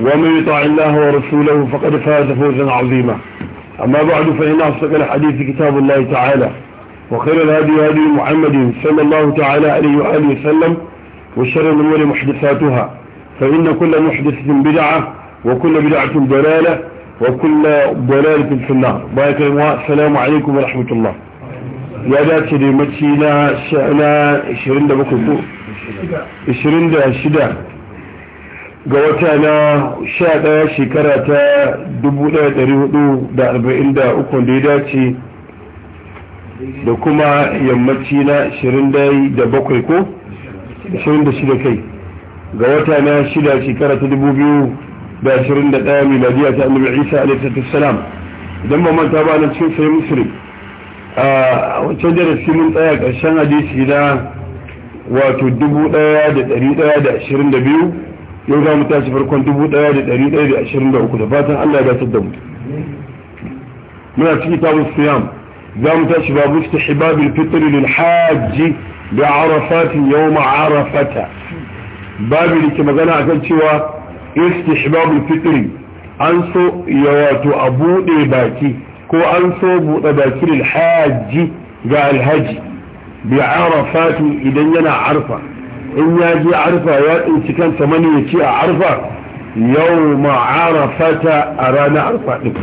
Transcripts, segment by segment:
ومن يطع الله ورسوله فقد فاز فوزا عظيما أما بعد فإن أصدق الحديث كتاب الله تعالى وخير الهدي هدي محمد صلى الله تعالى عليه وآله وسلم وشر الأمور محدثاتها فإن كل محدثة بدعة وكل بدعة ضلالة وكل ضلالة في النار بارك الله السلام عليكم ورحمة الله يا ذات ريمتي لا شأنا 27 شدا ga wata na sha shekara ta 1443 da ya dace da kuma yammaci na 27 ko 26 kai ga wata na shida shekara ta 2021 miladiya ta annabi isa alaihissalam idan ba ba na cikin sai musulun a wancan darasi mun tsaya ƙarshen hadisi na wato 1122 yau za mu tashi farkon dubu ɗaya da ɗari ɗaya da ashirin da uku da fatan Allah ya gasar da mu muna cikin tabu siyam za mu tashi babu ta hibabil fitri lil hajji da arafati yawma arafata babu da ke magana akan cewa istihbabul fitri an so ya wato a buɗe baki ko an so buɗe baki lil hajji ga alhaji bi arafati idan yana arfa in ya je arfa ya tsinci kansa mani ya ce a arfa yau ta a ranar arfa ɗin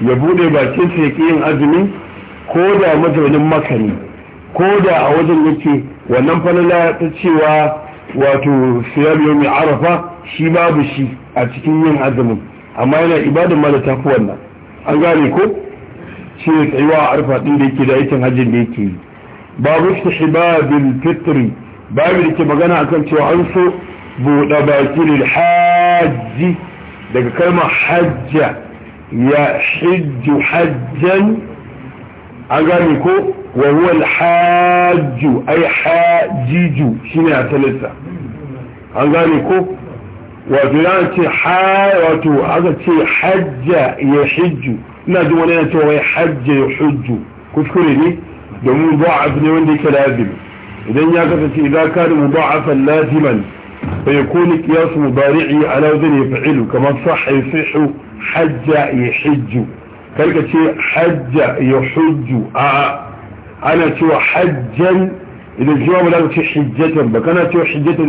ya buɗe bakin sa ya ƙi yin azumi ko da mazaunin makani ko da a wajen yake wannan falala ta cewa wato siyar yau mai arafa shi babu shi a cikin yin azumin amma yana ibadin ma da tafi wannan an gane ko shi ya tsayuwa a arfa ɗin da yake da aikin hajjin da yake yi babu shi hibabil fitri babu da ke magana akan cewa an so buɗe baki lil hajji daga kalmar hajja ya hijju hajjan an gane ko wa huwa al hajju ay hajiju shine asalinsa an gane ko wato ya ce ha wato aka ce hajja ya hijju ina ji wani yana cewa wai hajja ya hujju kuskure ne domin ba'af ne wanda yake lazimi idan ya kasance idan كان مضاعفا لازما فيكون قياس مضارعي على وزن يفعل كما صح يصح حج يحج كلك شيء حج يحج آه. آه. أنا شو حجا إذا الجواب لا شيء حجة بك أنا شو حجة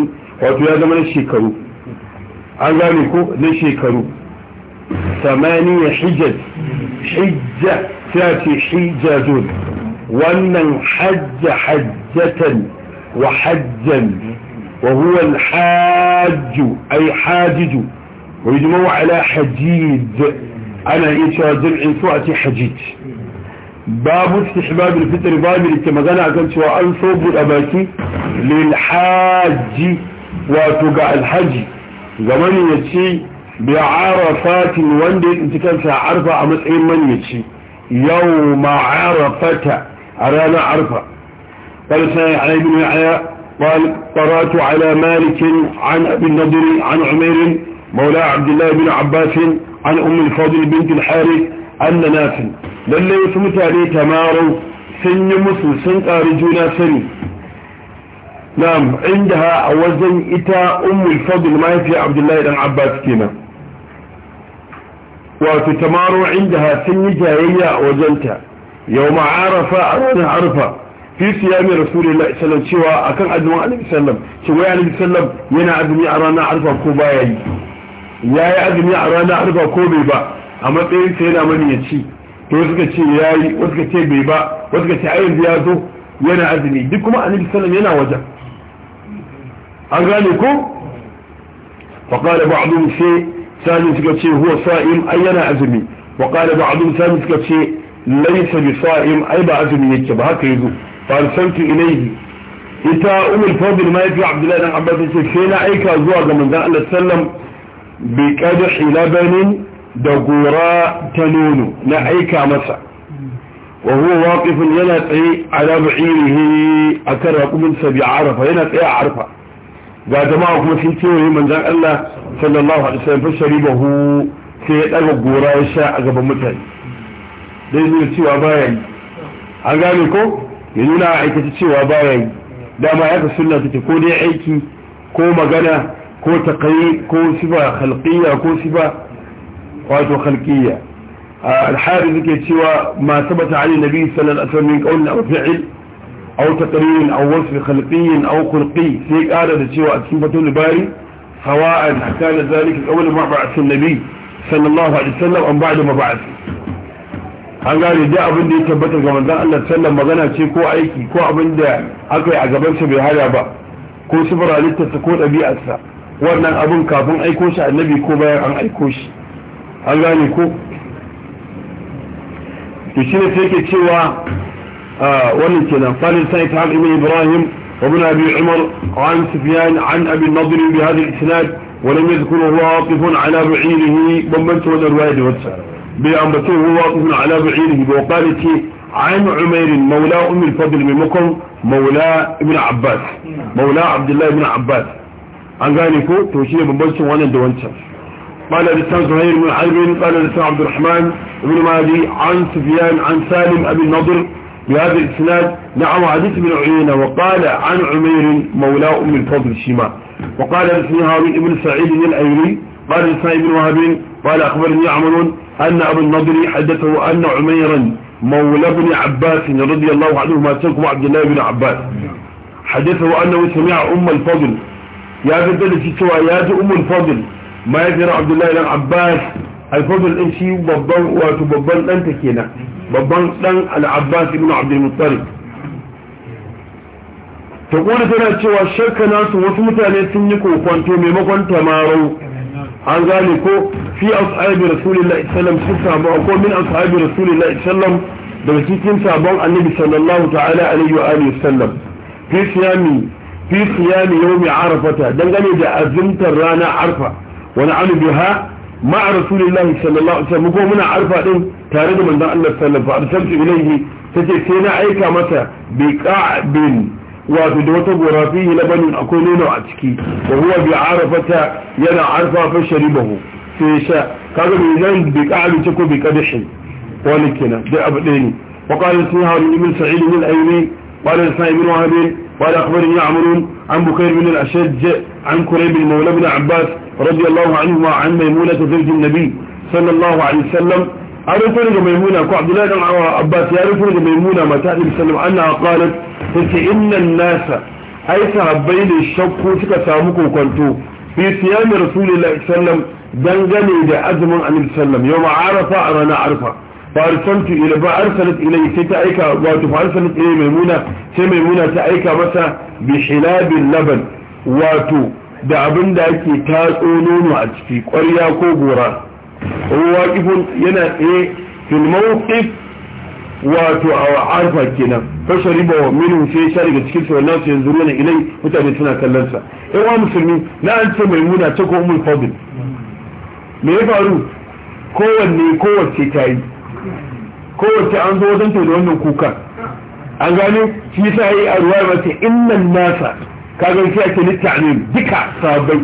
وقت هذا من الشيكرو أغانيكو لشيكرو ثمانية حجة حجة ثلاثة حجة زود ومن حج حجة وحجا وهو الحاج أي حاجج ويجمع على حجيد أنا إيشا جمع سوعة حجيج باب استحباب الفتر باب اللي كما قال سواء صوب الأباكي للحاج وتقع الحج زمان يتشي بعرفات وندي انت كان سعرفة عمس عين من يتشي يوم عرفة أرانا عرفة قال يحيى بن يحيى قال قرأت على مالك عن أبي النضر عن عمير مولى عبد الله بن عباس عن أم الفضل بنت الحارث أن ناس للي يسمت عليه تمارو سن مسل سن قارجونا سن نعم عندها وزن إتا أم الفضل ما في عبد الله بن عباس وفي تمارو عندها سن جاهية وزنتها yau ma'arafa a ranar arfa fi siyami rasulullah sallam cewa akan azumin annabi sallam shi wai annabi sallam yana azumi a ranar arfa ko baya yi ya yi azumi a ranar arfa ko bai ba a matsayin sa yana mani ya ci to suka ce ya yi wasu ka ce bai ba wasu ka ce a yanzu ya zo yana azumi duk kuma annabi sallam yana wajen an gane ko faƙada ba abin sai sani suka ce huwa sa'im ai yana azumi faƙada ba abin sani suka ce laisa bi sa'im ai ba azumi yake ba haka yazo fa arsaltu ilayhi ita umul fadl ma yafi abdullahi dan abbas ce sai na aika zuwa ga manzon Allah sallam bi qadhi labanin da gora ta nono na aika masa wa huwa yana tsaye ala ba'irihi akan raqumin sabi arafa yana tsaye a arfa ga jama'a kuma sun kewaye manzon Allah sallallahu alaihi wasallam fa sharibahu sai ya daga gora ya sha a gaban mutane zai nuna cewa bayan yi an gane ko ya nuna a aikace cewa baya dama ya ka sunna take ko dai aiki ko magana ko taƙayi ko sifa halƙiyya ko sifa wato halƙiyya alhari suke cewa ma sabata ali nabi sallallahu alaihi wasallam min qawlin aw fi'l aw taqririn aw wasf khalqiyyin aw khulqi sai ƙara da cewa a cikin fatul bari sawa'an kana zalika qawlu ma'ba'ath an-nabi sallallahu alaihi wasallam an ba'da mab'ath an gane duk abin da ya tabbata ga manzon Allah sallan magana ce ko aiki ko abin da aka yi a gaban sa bai hada ba ko sifar halittarsa ko ɗabi'arsa wannan abin kafin aiko shi annabi ko bayan an aiko shi an gane ko to shi ne sai ke cewa wannan kenan falin sai ta ibn ibrahim وابن أبي عمر عن سفيان عن أبي النضر بهذا الإسناد ولم يذكره واقف على بعيره ضمنته الرواية والسلام بأنبتوه هو ابن على بعينه بوقالك عن عمير مولى أم الفضل من مكم مولى ابن عباس مولى عبد الله ابن عباس أنقانكو توشيه ببنس وانا دوانسا قال لسان زهير من حرب قال لسان عبد الرحمن ابن مالي عن سفيان عن سالم أبي النضر بهذا الإسناد نعم عديث من عيينة وقال عن عمير مولى أم الفضل الشيماء وقال لسان هارون ابن سعيد الأيري قال لسان ابن وهبين قال أخبرني عمرون أن أبو النضر حدثه أن عميرا مولى بن عباس رضي الله عنه ما تلكم عبد الله بن عباس حدثه أنه سمع أم الفضل يا بدل سوى يا أم الفضل ما يفر عبد الله بن عباس الفضل إن شيء ببان وتببان أنت كنا ببان لن العباس بن عبد المطلب تقول تنا سوى شك ناس وسمتاني سنكو فانتو ميمكن مارو عن ذلك fi ashabi rasulillahi sallam su sahaba ko min ashabi rasulillahi sallam daga cikin sabon annabi sallallahu ta'ala alaihi wa alihi sallam fi siyami fi siyami yawmi arafata dangane da azumtar rana arfa wani alu biha ma'a rasulillahi sallallahu alaihi wasallam ko muna arfa din tare da manzon Allah sallallahu alaihi wasallam ilaihi tace sai na aika masa bi qa'bin wato da wata gora fihi labanin akwai nono a ciki wa huwa bi arafata yana arfa fa sharibahu sai sha kaga mai nan bi ƙa'alu ce ko bi ƙadashin wani kenan dai abu ɗaya ne wa ƙwarar sun hawa ibn sa'id ibn ayyubi ƙwarar sa ibn wahabi قال أخبرني عمرو عن بكير بن الأشج عن كريب المولى بن عباس رضي الله عنهما عن ميمونة زوج النبي صلى الله عليه وسلم عرفنا ميمونة عبد الله بن عباس يعرفنا ميمونة ما تعلم وسلم أنها قالت إن الناس أي صحابين الشك سكا سامكو كنتو في صيام رسول الله صلى الله عليه وسلم dangane da azumin annabi sallam yau ma'arafa a ranar arfa fa arsaltu ila ba arsalat ilai sai ta aika wato fa arsalat ilai maimuna sai maimuna ta aika masa bi hilabil laban wato da abin da ake tatso nono a ciki ƙwarya ko gora ruwa kifin yana tsaye fil mawqif wato a arfa kenan riba wa minu sai ya sha daga cikin sauran su yanzu ruwan ilai mutane suna kallon sa yan wa musulmi na an ce maimuna ta ko umul fadl me ya faru kowanne kowace ta yi kowace an zo wajen da wannan kuka an gane shi ta yi a ruwa mace innan nasa kagan shi ake nita ne duka sabai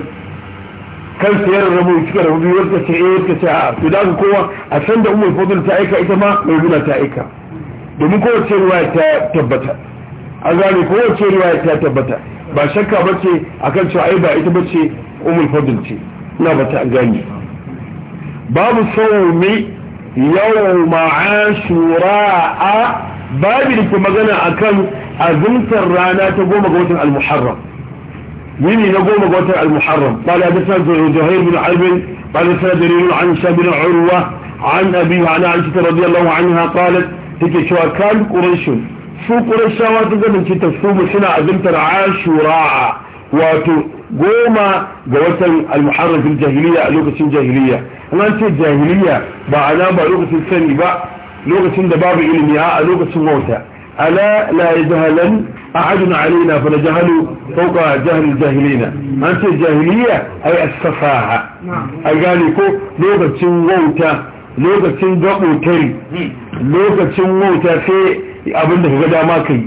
kan sayar rabu cikin rabu biyu wata ce eh wata ce a to da kowa a san da umar fadul ta aika ita ma mai guna ta aika domin kowace ruwa ta tabbata an gane kowace ruwa ta tabbata ba shakka bace kan cewa ai ba ita bace umar fadul ce ina bata an gane باب صوم يوم عاشوراء باب لك مغنى أكم أزمت الرانا تقوم قوة المحرم مين نقوم قوة المحرم قال أدسان زهير بن عرب قال أدسان دليل عن شاب بن عروة عن أبيه عن عائشة رضي الله عنها قالت تكي شو أكام قريش شو قريش شواته زمن كي تصوم سنة أزمت العاشوراء وتقوم قوة المحرم في الجاهلية لوكس الجاهلية an ce jahiliya ba nan ba lokacin sani ba lokacin da babu ilimi a lokacin wauta ala la yajhalan ahadun alaina fa najhalu fawqa jahalin jahilina an ce jahiliya ay as-safaha a gane ko lokacin wauta lokacin gabotai lokacin wauta sai da kaga dama kai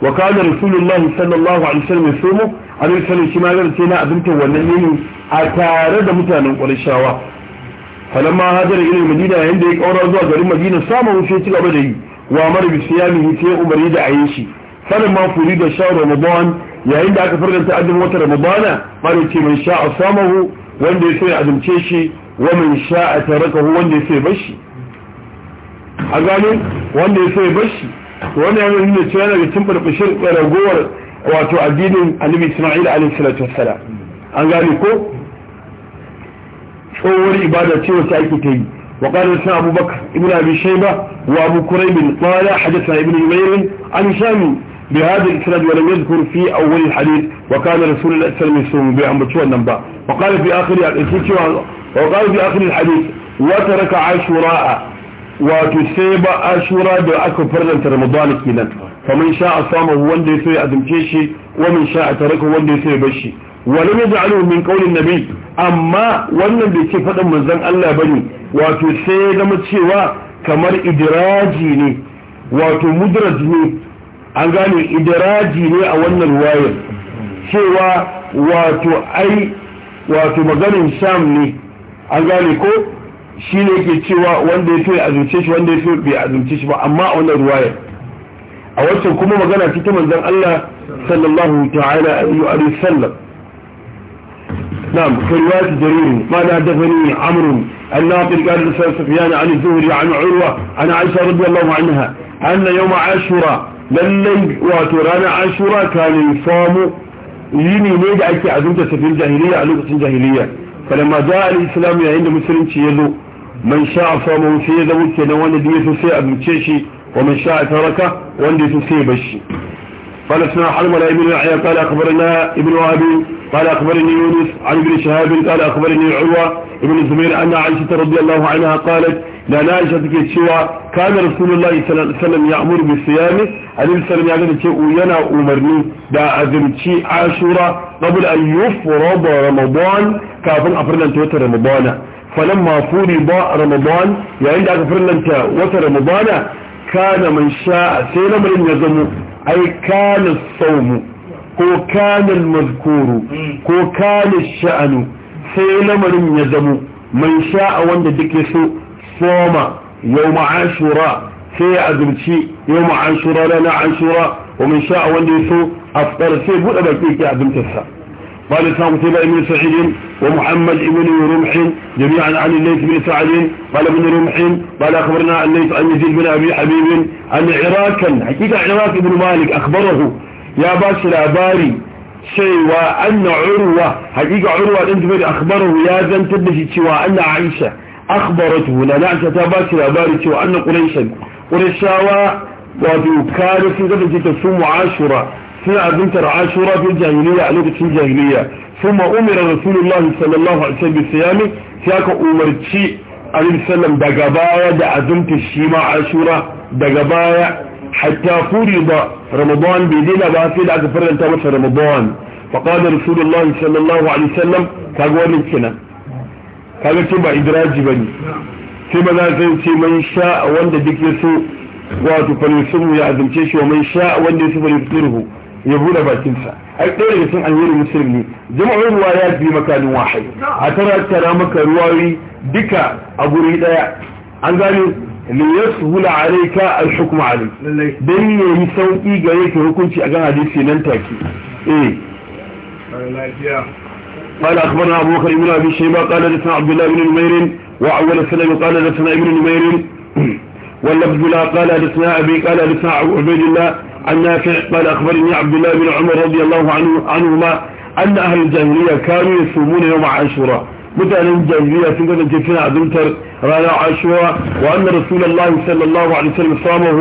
wa kana rasulullahi sallallahu alaihi wasallam sumu alaihi wasallam shi ma zan ce na abinta wannan ne a tare da mutanen ƙwarishawa falamma hajara ila madina yayin da ya kaura zuwa garin madina samu wuce ci gaba da yi wa mar bi siyami sai umari da ayin shi falamma furida shahr ramadan yayin da aka farkanta azumin wata ramadana mare ce man sha'a samahu wanda ya so ya azumce shi wa man sha'a tarakahu wanda ya so ya bashi a gane wanda ya so ya bashi to wannan yana ragowar wato addinin annabi isma'il an gane ko tsohuwar ibada ce wacce ake ta yi وقال لسنا أبو بكر ابن أبي شيبة وأبو كريب قال حدثنا ابن جبير عن شامي بهذا الإسناد ولم يذكر في أول الحديث وكان رسول الله صلى الله عليه وسلم بأمبتشوى وقال في آخر وقال في آخر الحديث وترك عاشوراء وتسيب عاشوراء بأكبر فرزة رمضان كينا faman sha'a samahu wanda yaso ya azumce shi wa a sha'a tarakahu wanda yaso ya bar shi wani mai ja'alu nabi amma wannan bai ce faɗin manzon Allah bane wato sai ya zama cewa kamar idiraji ne wato mudraj ne an gane idiraji ne a wannan ruwayar cewa wato ai wato maganin sham ne an gane ko shi ne ke cewa wanda ya so ya shi wanda ya so bai azumce shi ba amma a wannan ruwayar a wancan kuma magana ce ta manzon Allah sallallahu ta'ala alaihi wa sallam نعم في رواية جرير ما حدثني عمرو الناقل قال لسان سفيان عن الزهري عن عروة عن عائشة رضي الله عنها أن يوم عاشوراء للي واترانا عاشوراء كان يصام يني نيد أكي عزمت في الجاهلية على لغة الجاهلية فلما جاء الإسلام عند مسلم يدو من شاء صامه في يدو كنوان ديث سيء بمتشيشي ومن شاء تركه وندي تسيب الشيء قال اسمع على ابن يحيى قال أخبرنا ابن أبي قال أخبرني يونس عن ابن شهاب قال أخبرني عروة ابن الزبير أن عائشة رضي الله عنها قالت لأن عائشة كتشوى كان رسول الله صلى الله عليه وسلم يأمر بالصيام عليه السلام يقول ينا أمرني دا أذمتي عاشورة قبل أن يفرض رمضان كافن أفرنا توتر رمضان فلما فرض رمضان يعني دا أفرنا وتر رمضان kana man sha'a sai lamarin ya zamo ai kana saumu ko kana mazkuru ko kana sha'anu sai lamarin ya zamo man sha'a wanda duke so soma yau ma'ashura sai ya azumci yau ma'ashura rana ashura wa man sha'a wanda ya so aftar sai buɗe baki ke azumtarsa قال إسلام قتيبة بن سعيد ومحمد بن رمح جميعا عن الليث بن سعد قال ابن رمح قال أخبرنا الليث عن يزيد بن أبي حبيب أن عراكا حقيقة عراك بن مالك أخبره يا باشا الأباري شيء وأن عروة حقيقة عروة الانتبار أخبره يا ذن تبشي شيء وأن عائشة أخبرته لنعشة باشا الأباري شيء وأن قريشا قريشاوى وذو كارثة تبشي تصوم عاشرة في عبدالك العاشورة في الجاهلية عليك في الجاهلية ثم أمر رسول الله صلى الله عليه وسلم بسيامي سياك أمر تشيء عليه السلام دقبايا دا عزمت الشيما عاشورة دقبايا حتى فرض رمضان بيدينا باسي لأك فرد أنت رمضان فقال رسول الله صلى الله عليه وسلم كاقوان انتنا كاقوان تبع إدراج بني كما نازل كما يشاء وانده بك يسوء واتو فليسمه يعزم تشيء ومن شاء وانده يسوء فليفطره ya bude bakinsa ai ɗaya daga cikin alheri muslim ne jama'ar ruwa ya bi makanin wahai a tara tara maka ruwayi duka a guri ɗaya an gane li yasbula alayka al-hukm alayk dan ne yi sauki ga ka hukunci a gan hadisi nan take eh قال أخبرنا أبو بكر بن أبي شيبة قال لسنا عبد الله بن نمير وأول السلام قال لسنا ابن نمير واللفظ لا قال لسنا أبي قال لسنا عبيد الله النافع قال أخبرني عبد الله بن عمر رضي الله عنه عنهما أن أهل الجاهلية كانوا يصومون يوم عاشوراء مثلا الجاهلية تنقل عبد عدلتر رأي عاشوراء وأن رسول الله صلى الله عليه وسلم صامه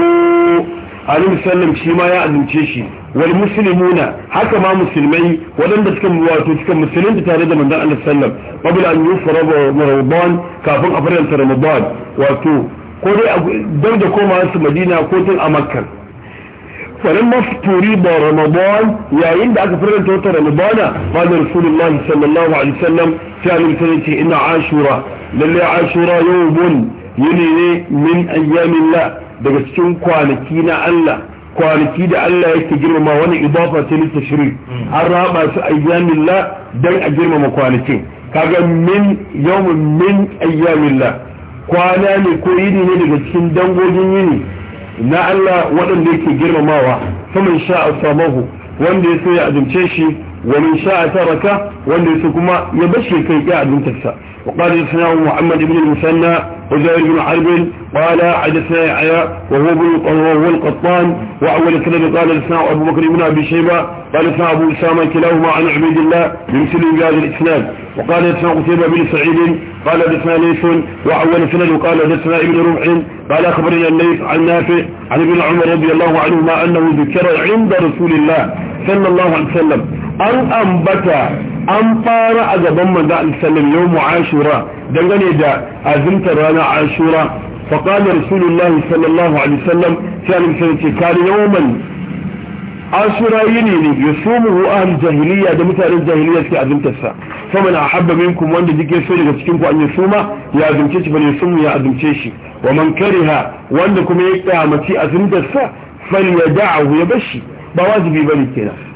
عليه وسلم شما يأذن تشيشي والمسلمون حكا ما مسلمين ولم تتكم مواتو تتكم مسلم من دعنا السلم قبل أن يوفر رمضان كافر أفريل رمضان واتو قولي دمد كوما أنت مدينة قوتل أمكر فلما افتريد رمضان يعين دعك da توتر رمضان قال رسول الله صلى الله عليه وسلم كان يمتلتي إن ashura للي عاشورا يوم يلي من أيام الله دقستون كوانكينا الله kwanaki da Allah yake girmama wani idafa ce lita shiri an raba su ayyamillah don a girmama kwanaki kaga min yawmin min ayyamillah kwana ne ko yini ne daga cikin dangogin yini na Allah waɗanda yake girmamawa faman sha'a samahu wanda ya so ya azumce shi wa min sha'a taraka wanda ya so kuma ya bashi kai ya azumtarsa وقال حدثنا محمد بن المثنى وزيد بن حرب قال حدثنا يحيى وهو وهو القطان واول كلمه قال حدثنا ابو بكر بن ابي شيبه قال حدثنا ابو اسامه كلاهما عن عبيد الله بمثل بهذا الاسناد وقال حدثنا قتيبه بن سعيد قال حدثنا ليث واول كلمه قال حدثنا ابن رمح قال اخبرنا الليث عن نافع عن ابن عمر رضي الله عنهما انه ذكر عند رسول الله صلى الله عليه وسلم ان انبت an fara a gaban manzo al-sallam yau ashura dangane da azumtar rana ashura fa qala rasulullahi sallallahu alaihi wasallam sai ce yawman ashura yini ne yusumu ahli jahiliya da mutanen jahiliya suke azumtar sa man ahabba minkum wanda yake so daga cikin ku an yi suma ya azumce shi bal yusumu ya azumce shi wa man kariha wanda kuma ya kyamaci azumtar sa fal yada'u ya bashi ba wajibi bane kenan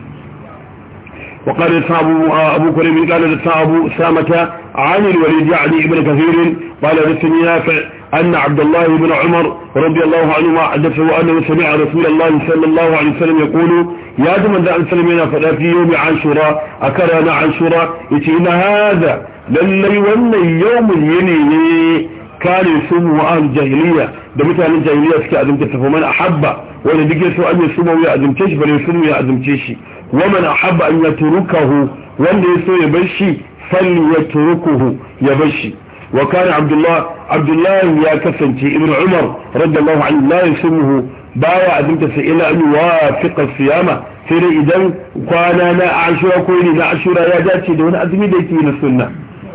وقال يدفع آه، أبو كريم قال يدفع أبو سامة عن الوليد يعني ابن كثير قال يدفني نافع أن عبد الله بن عمر رضي الله عنهما حدثه أنه سمع رسول الله صلى الله عليه وسلم يقول يا دم ذا أن سلمنا في يوم عاشوراء أكرنا عاشوراء إن هذا لن ولي يوم يني kare su mu jahiliya da mutanen jahiliya suke azumta tafi mana ahabba wanda duk yaso an yasu mu ya azumce shi bare sun ya azumce shi wa man ahabba an yatrukahu wanda yaso ya bar shi fal yatrukuhu ya bar shi wa kana abdullah abdullah ya kasance ibn umar radiyallahu anhu la yasumuhu baya azumta sai ila an wafiqa siyama sai dai idan kwana na ashura ko ne na ashura ya dace da wani azumi da yake na sunna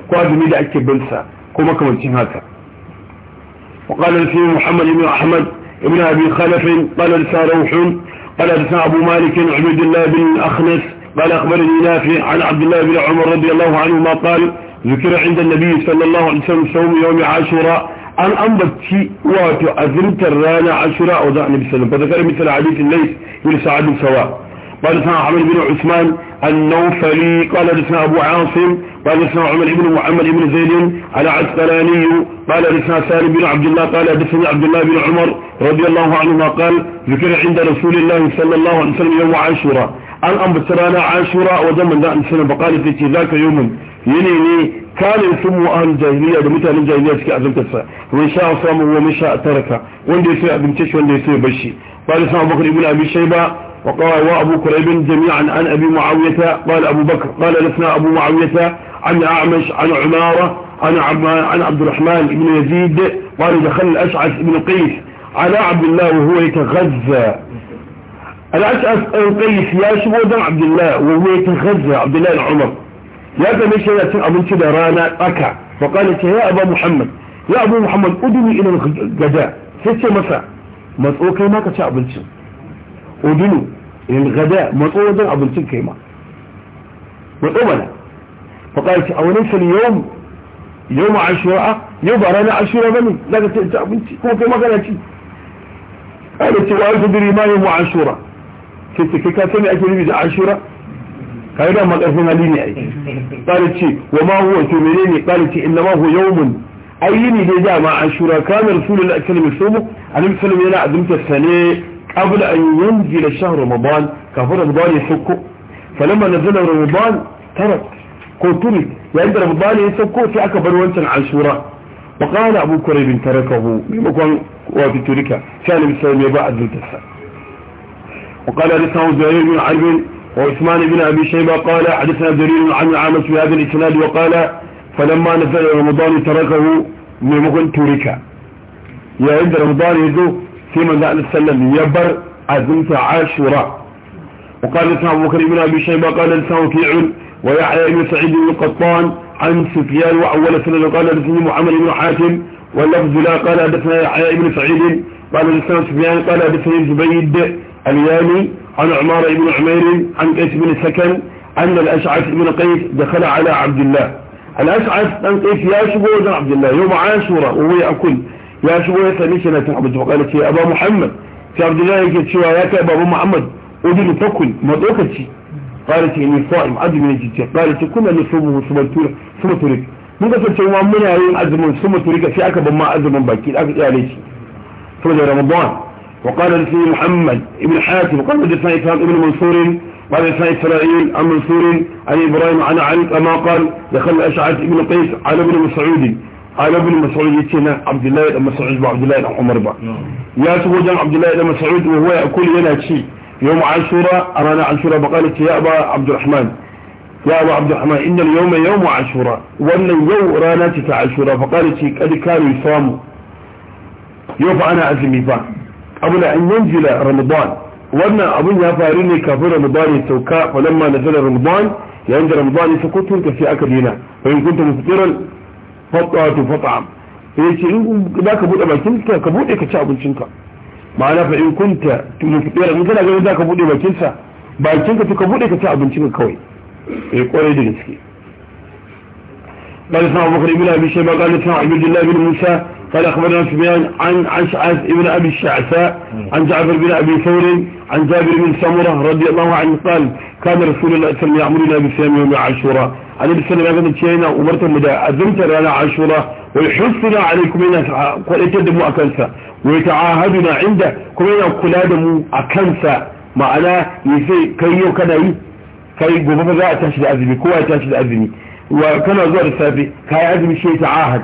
ko azumi da ake bin sa ko makamancin haka وقال لسنا محمد بن أحمد بن أبي خلف قال لسنا روح قال لسا أبو مالك عبد الله بن الأخنس قال أخبرني نافع عن عبد الله بن عمر رضي الله عنهما قال ذكر عند النبي صلى الله عليه وسلم صوم يوم عاشوراء أن ambaci شيء azimtar rana ashura a wajen النبي صلى الله عليه وسلم فذكر مثل hadith lays bin سواء قال لسنا عمر بن عثمان النوفلي قال لسنا أبو عاصم قال لسنا عمر بن محمد بن زيد العسقلاني قال لسنا سالم بن عبد الله قال لسنا عبد الله بن عمر رضي الله عنهما قال ذكر عند رسول الله صلى الله عليه وسلم يوم عاشوراء الأنب سرانا عاشوراء وزمن ذا سنة بقالة ذاك يوم ينيني كان يسمو أهل الجاهلية ومثال الجاهلية سكي أذن تسع ومن شاء صامه ومن شاء تركه وان دي سيء أبن تشوان دي سيء بشي قال لسنا أبو بكر إبن أبي الشيبة وقال وأبو كريب جميعا عن أبي معاوية قال أبو بكر قال لسنا أبو معاوية عن أعمش عن عمارة عن, عن عبد الرحمن بن يزيد قال دخل الأشعث بن قيس على عبد الله وهو يتغذى الأشعث بن قيس يا شبه عبد الله وهو يتغذى عبد الله العمر يا تمشي يا أبو كده رانا أكع فقال يا أبا محمد يا أبو محمد أدني إلى الغداء ست مساء مسؤول كيما كتعبلتم ودنو يعني الغداء أذنوا للغداء مطوبا أبنتين كيما مطوبنا فقالت أوليس اليوم يوم عشراء يبقى رانا عشراء بني لا تأتي أبنتي هو كما قالتي قالت وأنت دري ما يوم عشراء كنت كاتني اجري بيزا عشراء قال ما قرفنا ليني أي قالت وما هو تمريني قالت إنما هو يوم أيني لذا مع عشراء كان رسول الله أكلم السومه أنا مثلا يلا عدمت السنة قبل أن ينزل شهر رمضان كفر رمضان يحكه فلما نزل رمضان ترك قلتلك وعند رمضان يسكه في أكبر وانسا عشورة وقال أبو كريب تركه بمكان وفي تركه كان بسلم يباع ذلك وقال لسه زهير بن عرب وعثمان بن أبي شيبة قال حدثنا جرير عن عامس هذا الإسناد وقال فلما نزل رمضان تركه بمكان تركه يا عند رمضان يزو في من Allah sallallahu يبر bar azumta وقال لسان بكر بن أبي شيبة قال لسان كيع ويعيى بن سعيد بن قطان عن سفيان وأول سنة قال لسان محمد بن حاتم واللفظ لا قال حدثنا يحيى بن سعيد قال لسان سفيان قال حدثني زبيد اليامي عن عمار بن عمير عن قيس بن سكن أن الأشعث بن قيس دخل على عبد الله الأشعث بن قيس يا شبوز عبد الله يوم عاشوراء وهو يأكل ya shigo ya same shi na tun abu jihukala ce abu muhammad sai abdullahi yake cewa ya kai babu muhammad udin fakul matsokaci kare ce ne fa'im azumin jijiya kare ce kuma ne sumu suma turik mun kasance ma muna yin azumin suma turik sai aka ban ma azumin baki aka tsare shi saboda ramadan وقال لي محمد ابن حاتم وقال حدثنا إسلام ابن منصور قال حدثنا إسرائيل عن منصور عن إبراهيم عن علي كما قال دخل أشعث ابن قيس على ابن مسعود ابن مسعود يتينا عبد الله بن مسعود وعبد الله بن عمر يا سوجا عبد الله بن مسعود وهو يأكل هنا شيء يوم عاشوراء أرانا عاشوراء بقالك يا أبا عبد الرحمن يا أبا عبد الرحمن إن اليوم يوم عاشوراء وأن يو أرانا تتعاشوراء بقالك قد كانوا يصاموا يوفى أنا عزمي فان قبل أن ينزل رمضان وأن أبن يفارني كفر رمضان يتوكى فلما نزل رمضان يعني رمضان يتوكى في أكل هنا فإن كنت مفطرا fatwato fat'am ya ce in za ka buɗe bakinka ka buɗe ka ci abincinka ma'ana fa in kunta tulufiyar in kana ganin za ka buɗe bakinsa ka ka ci kawai da gaske قال اسمع بكر بن أبي شيبة قال اسمع عبد الله بن موسى قال أخبرنا سفيان عن عشعث بن أبي الشعثاء عن جعفر بن أبي ثور عن جابر بن سمرة رضي الله عنه قال كان رسول الله صلى الله عليه وسلم يأمرنا بصيام يوم عاشوراء عليه بسلم أجل نتشينا ومرتهم دا عزمتنا على عشرة ويحصنا عليكم إنا يتدموا أكنسا ويتعاهدنا عنده كمينا وكلادموا أكنسا معناه يسي كيو كنهي كي قبب ذا أتاشد أذني كوا أتاشد أذني وكان أزوار السابي كي أذني شيء تعاهد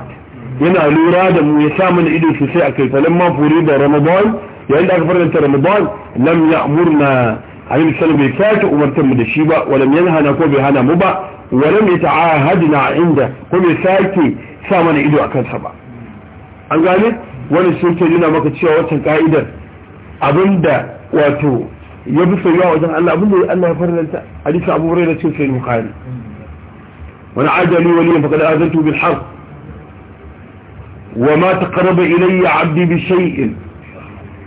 ينا الوراد ويسامن إلي سيسي أكيد فلما فريد رمضان يعني أكبر أنت رمضان لم يأمرنا عليه السلام بكات ومرتم دشيبا ولم ينهنا كو بهنا مبا ولم يتعاهدنا عنده كو بساكي سامن إدو أكان سبا أقول وانا سيكت لنا مكتشيه واتن قائدا أبند واتو يبث الله وزن الله أبند الله يفرد أنت أليس أبو رينا سيكت المقال وانا عاد لي وليا فقد آذنته بالحرب وما تقرب إلي عبدي بشيء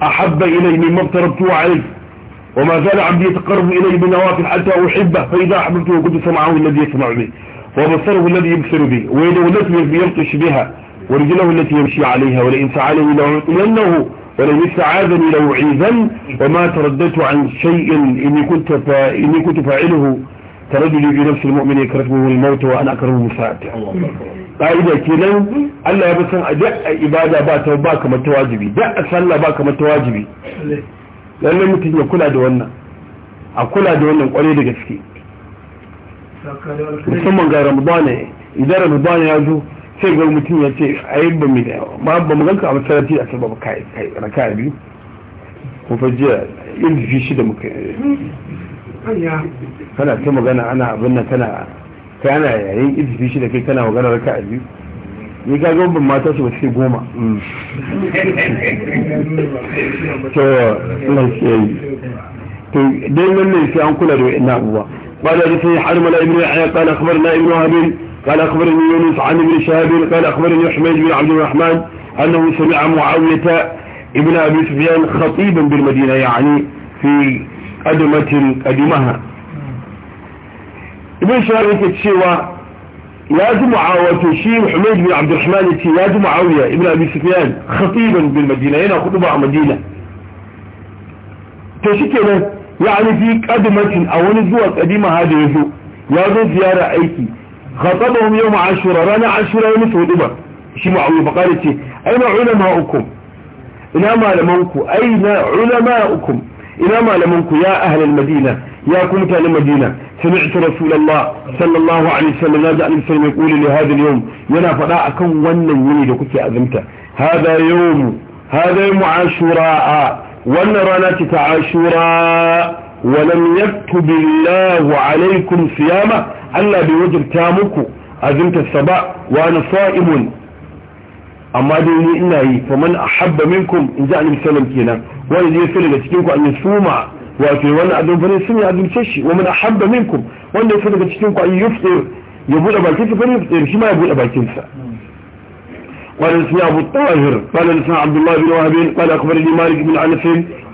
أحب إلي مما اقتربته عليه وما زال عبدي يتقرب إلي بنوافل حتى أحبه فإذا أحببته كنت سمعه الذي يسمع به وبصره الذي يبصر به ويده التي يبطش بها ورجله التي يمشي عليها ولئن فعلني لأعطينه ولئن استعاذني عيذا وما ترددت عن شيء إني كنت فا إني كنت فاعله تردد في نفس المؤمن يكرهه الموت وأنا أكرهه ساعته قائدة كلام ألا يبسن أدأ إبادة باتوا باكم التواجبي دأ صلى با التواجبي lalle mutum ya kula da wannan a kula da wannan kwarai da gaske musamman ga ramadana idan ramadana ya zo sai ga mutum ya ce a yi ba mu yawa ba mu ganka a masallaci a sababa kai kai raka biyu ko fajiya jiya yin fi shi da muka kana ta magana ana abin nan kana yayin idifi shi da kai kana magana raka a biyu ni ga gobin mata su ce goma to lafiyayi to dai nan sai an kula da wa'in na'uwa قال حدثني حرمل ابن يحيى قال اخبرنا ابن وهب قال اخبرني يونس عن ابن شهاب قال اخبرني حميد بن عبد الرحمن انه سمع معاويه ابن ابي سفيان خطيبا بالمدينه يعني في قدمه قدمها ابن شهاب يكتشف ياد معاوية الشيخ حميد بن عبد الرحمن التي يا معاوية ابن أبي سفيان خطيبا بالمدينة هنا خطبة على مدينة تشكنا يعني في قدمة أو نزوة قديمة هذه يزو ياد زيارة أيكي خطبهم يوم عاشوراء رانا عاشوراء يوم سودبا شي معاوية فقالت أين علماؤكم إنما ما لمنكم أين علماؤكم إنما ما لمنكم يا أهل المدينة يا كنت مدينة سمعت رسول الله صلى الله عليه وسلم نادى أن يسلم يقول لهذا اليوم ينا فلا أكون ونن لو كنت أذمت هذا يوم هذا يوم عاشوراء وأن رانات تعاشوراء ولم يكتب الله عليكم صيامه ألا بوجب تامك أذنت السبع وأنا صائم أما دوني إلهي فمن أحب منكم إن ahabba minkum in ji annabi sallam kenan wanda zai so daga cikin wato wannan abin fari sun azumce shi wa man ahabba minkum wanda ya daga cikin ku an yuftir ya bude bakin sa fari yuftir قال اسمع أبو الطاهر قال اسمع عبد الله بن وهب قال أخبرني مالك بن عنف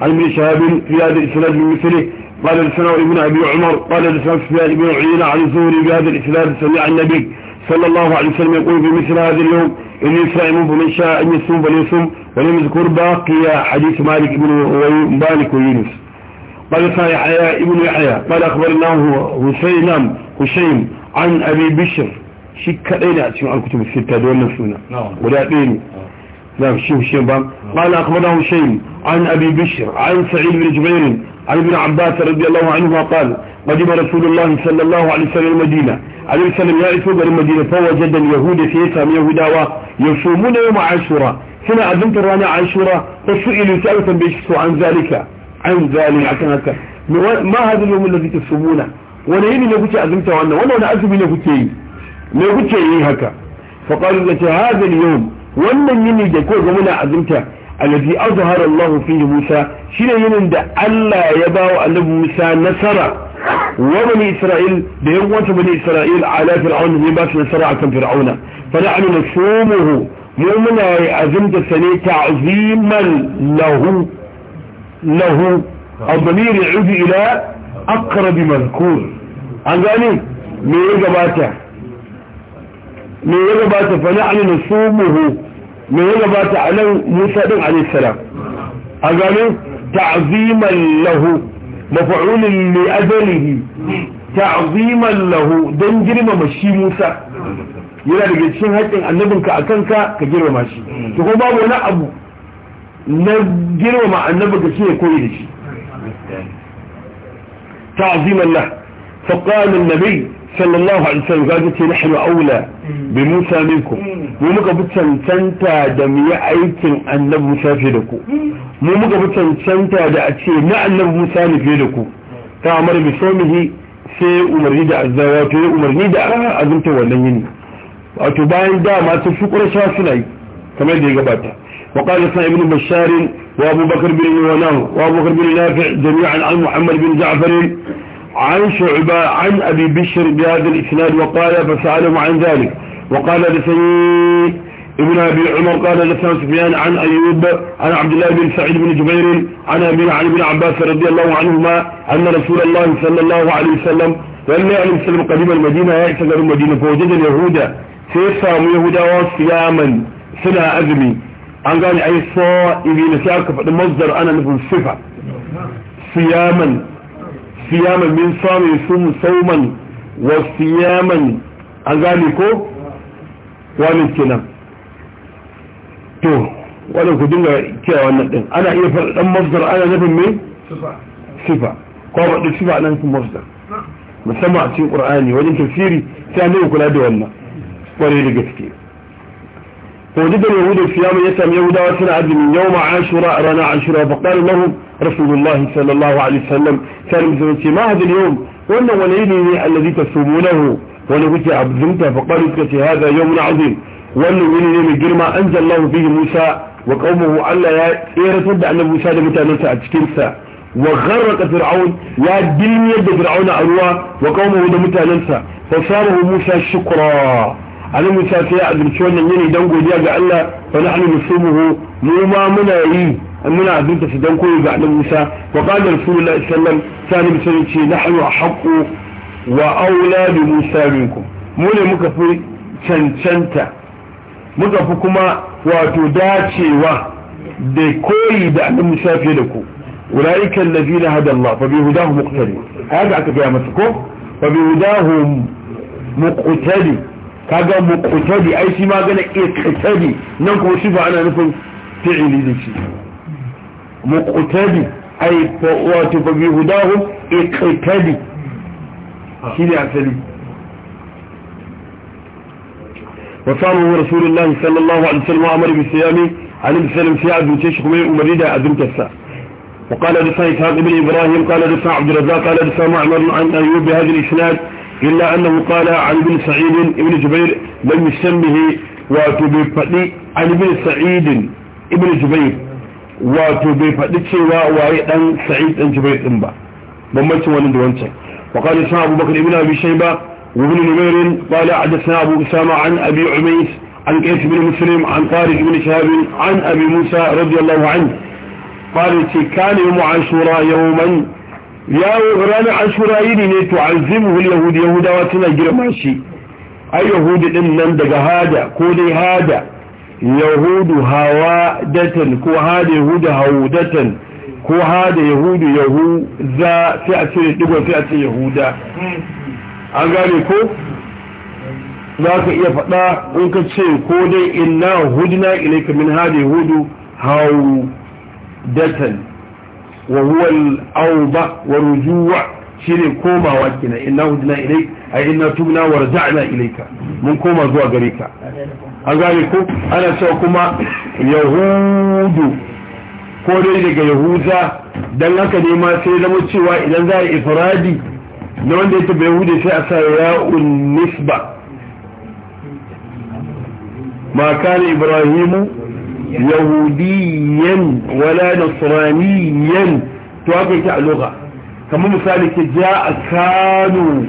عن ابن شهاب في هذا الإسناد من مثله قال لسنا ابن أبي عمر قال لسنا سفيان بن عيينة عن الزهري بهذا الإسناد سمع النبي صلى الله عليه وسلم يقول في مثل هذا اليوم إن يسرع صائم من شاء أن يصوم فليصوم ولم يذكر باقي حديث مالك بن مالك ويونس قال يحيى ابن يحيى قال أخبرناه هشيم حسين عن أبي بشر شيء كأين أسمع الكتب الستة دول نفسنا نعم. ولا أين لا شيء بام قال أخبرناه هشيم عن أبي بشر عن سعيد بن جبير عن ابن عباس رضي الله عنهما قال قدم رسول الله صلى الله عليه وسلم المدينة عليه وسلم يعرف غير المدينة فوجد اليهود في يسام يهودا يصومون يوم عاشوراء هنا أذنت رانا عاشوراء فسئلوا سألة بيشفوا عن ذلك عن ذلك ما هذا اليوم الذي تصومونه وانا يمي نقول شيء أزمت وانا وانا وانا أزمي نقول إيه؟ شيء إيه نقول شيء هكا فقالوا لك هذا اليوم وانا يمي جاكو زمنا أزمت الذي أظهر الله فيه موسى شين يمين دا ألا يباو أن موسى نصر وبني إسرائيل بيوانت بني إسرائيل على فرعون يباس نصر عكم فرعون فنعلم نسومه يومنا أزمت سنة تعظيما له له الضمير يعود الى اقرب مذكور عن ذلك من يجباته من يجباته فنحن نصومه من يجباته على موسى عليه السلام عن ذلك تعظيما له مفعول لأجله تعظيما له دون جرم مشي موسى يلا لقد شنهت ان annabinka a kanka ka girmama shi to kuma na girmama annabi ga shi koyi da shi ta'ziman la fa qala an-nabi sallallahu alaihi wasallam ga ce nahnu aula bi Musa minkum mu muka bi cancanta da mu yi aikin annabi Musa fiye da ku mu muka bi cancanta da a ce na annabi Musa ne fiye da ku ta amara bi somihi sai umarni da azzawa to yi umarni da azumta wannan yini wato bayan dama ta shukura suna yi kamar da ya gabata وقال إسماعيل بن بشار وأبو بكر بن مولاه وأبو بكر بن نافع جميعا عن محمد بن جعفر عن شعبة عن أبي بشر بهذا الإسناد وقال فسألهم عن ذلك وقال لسني ابن أبي عمر قال لسان سفيان عن أيوب عن عبد الله بن سعيد بن جبير عن أبي عن ابن عباس رضي الله عنهما أن رسول الله صلى الله عليه وسلم لما عليه وسلم قديم المدينة يعتذر المدينة فوجد اليهود سيصام يهودا صياما سنة أزمي an gane ai sa'irina sai aka faɗi mazdar ana nufin sifa siyaman siyaman min sami sun sauman wa siyaman an gane ko wani kenan to wani ku dinga kiyaye wannan din ana iya ɗan mazdar ana nufin me sifa ko faɗi sifa nan kuma mazdar musamman a cikin ƙur'ani wajen tafsiri sai an kula da wannan ƙwarai da gaske فوجد اليهود الصيام يسأل يهودا وسنة عدل يوم عاشوراء رانا عاشوراء فقال لهم رسول الله صلى الله عليه وسلم سالم ما هذا اليوم وانا وليني الذي تصومونه وانا قلت عبدمت فقالوا لك هذا يوم عظيم وانا وليني من جرمى انزل الله فيه موسى وقومه ألا يا إيرة تدع أن موسى لمتانسة أتكنسة وغرق فرعون يا دلم يد فرعون أروى وقومه لمتانسة فصاره موسى شكرا annabi Musa sai ya azurci wannan yanayi dan godiya ga Allah wa nahnu nusumuhu mu ma muna yi muna azurta shi don koyi ga annabi Musa wa qala rasulullahi sallallahu alaihi wasallam ce na hannu a ahqqu wa aula bi Musa minkum mu ne muka fi cancanta muka fi kuma wato dacewa da koyi da annabi Musa fiye da ku ulaika allazina hada Allah fa bi hudahu muqtadi haka aka ga masa ko fa bi hudahu muqtadi kaga muqtadi ai shi ma gana iqtadi nan kuma shi ba ana nufin fi'ili da shi muqtadi ai wato fa bi hudahum iqtadi shi ne asali وصامه رسول الله صلى الله عليه وسلم أمر بالصيام عن السلام في عبد الشيخ من أمريدا أذنك الساعة وقال رسا إسحاق بن إبراهيم قال رسا عبد الرزاق قال رسا معمر عن أيوب بهذا الإسناد إلا أنه قال عن ابن سعيد ابن جبير لم يسمه فدي عن ابن سعيد ابن جبير وتبفدي فدي waye dan Sa'id سعيد Jubair جبير ba bambancin wannan da وقال اسمع أبو بكر ابن أبي شيبة وابن نمير قال حدثنا أبو أسامة عن أبي عميس عن كيس بن مسلم عن طارق بن شهاب عن أبي موسى رضي الله عنه قال كان يوم عاشوراء يوما yawo ranar ashura yini ne to azimuhul yahudi yahudawa suna girma shi ai yahudi din nan daga hada ko dai hada yahudu hawa datan ko hada yahudu datan? ko hada yahudu za sai a ce digon sai a ce yahuda an gane ko za ka iya faɗa in ka ce ko dai inna hudna ilaika min hada yahudu datan? wa huwa al-awba wa rujua shine komawa kina inna hudna ilayk ay inna tubna wa raja'na ilayka mun koma zuwa gare ka an gane ku. ana cewa kuma yahudu ko dai daga yahuda dan haka ne ma sai zama cewa idan za a ifradi na wanda ya taba yahudu sai a sa ya'un nisba ma kana ibrahimu يهوديا ولا نصرانيا توقع لغة كما مثالك جاء كانوا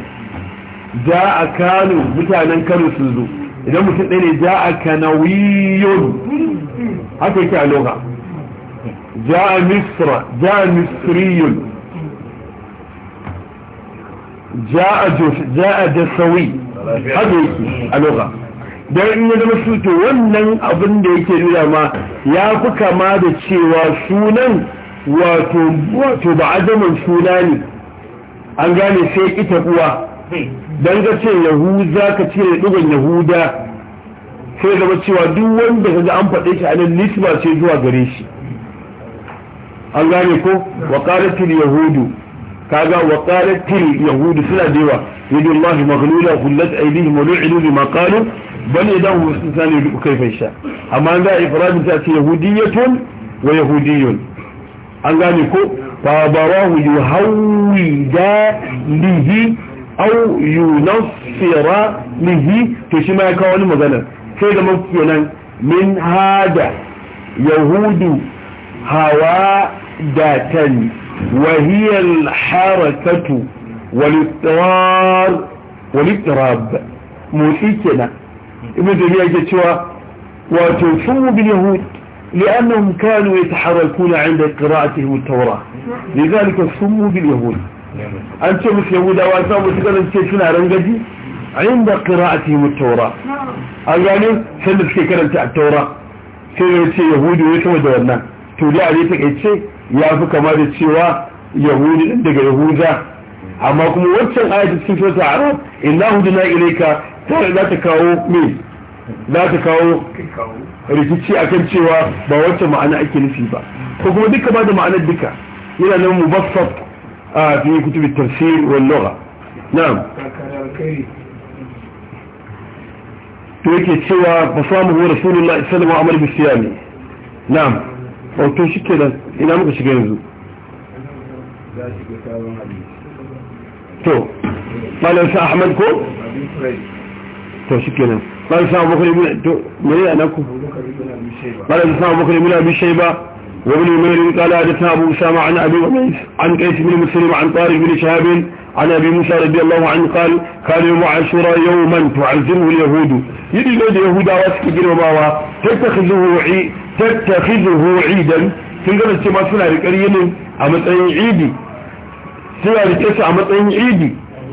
جاء كانوا متعنا كانوا سنزو إذا مثلين جاء كانوي هكذا يتعى لغة جاء مصر جاء مصري جاء جوش جاء جسوي هذا اللغة don in ya zama suke wannan abin da yake nuna ma ya fi kama da cewa sunan wato ba azaman suna ne an gane sai ita uwa don ga ce yahuza ka ce da ɗigon yahuda sai zama cewa duk wanda ka ga an faɗe shi a nan nisba ce zuwa gare shi an gane ko waƙaratul yahudu kaga waƙaratul yahudu suna da yawa yadda Allah maghlula kullat aydihim wa lu'inu bima qalu bal idan hu insani yudu kaifa sha amma an ga ifradin ta ce yahudiyatun wa yahudiyun an gane ko fa barahu yuhawwi da lihi aw yunassira lihi to shi ma ya kawo wani magana sai da mafi nan min hada yahudu hawa datan وهي الحركة والاضطرار والاضطراب موسيقنا ibn tabiya yake cewa wato sumu bil yahud لأنهم كانوا يتحركون عند قراءتهم التوراة لذلك سموا باليهود أنت مثل يهود وأسامة تقول سنة رنجدي عند قراءتهم التوراة أقالوا سنة كرمت التوراة سنة يهود ويتمد ولنا تولي عليتك إتشي يعفو كما تتشيوا يهود عندك يهودا أما كم وجه الآية في سورة العرب إنه دنا إليك kawai za ta kawo me za ta kawo rikici akan cewa ba wacce ma'ana ake nufi ba ko kuma duka ba da ma'anar duka yana nan mubassat a fi kutubi tafsir wal na'am to yake cewa ba samu wa rasulullahi sallallahu alaihi wasallam siyami na'am wato shike da ina muka shiga yanzu to malam sa ahmad ko to shi kenan ba da samun bakar ibina to mai a naku ba da samun bakar ibina bi shai ba وابن مير قال حدثنا ابو اسامه عن ابي عن قيس بن مسلم عن طارق بن شهاب عن ابي موسى رضي الله عنه قال كان يوم عاشوراء يوما تعزمه اليهود يدي da واسكي sun ce ma suna rikar yinin a matsayin idi suna da kesa a matsayin idi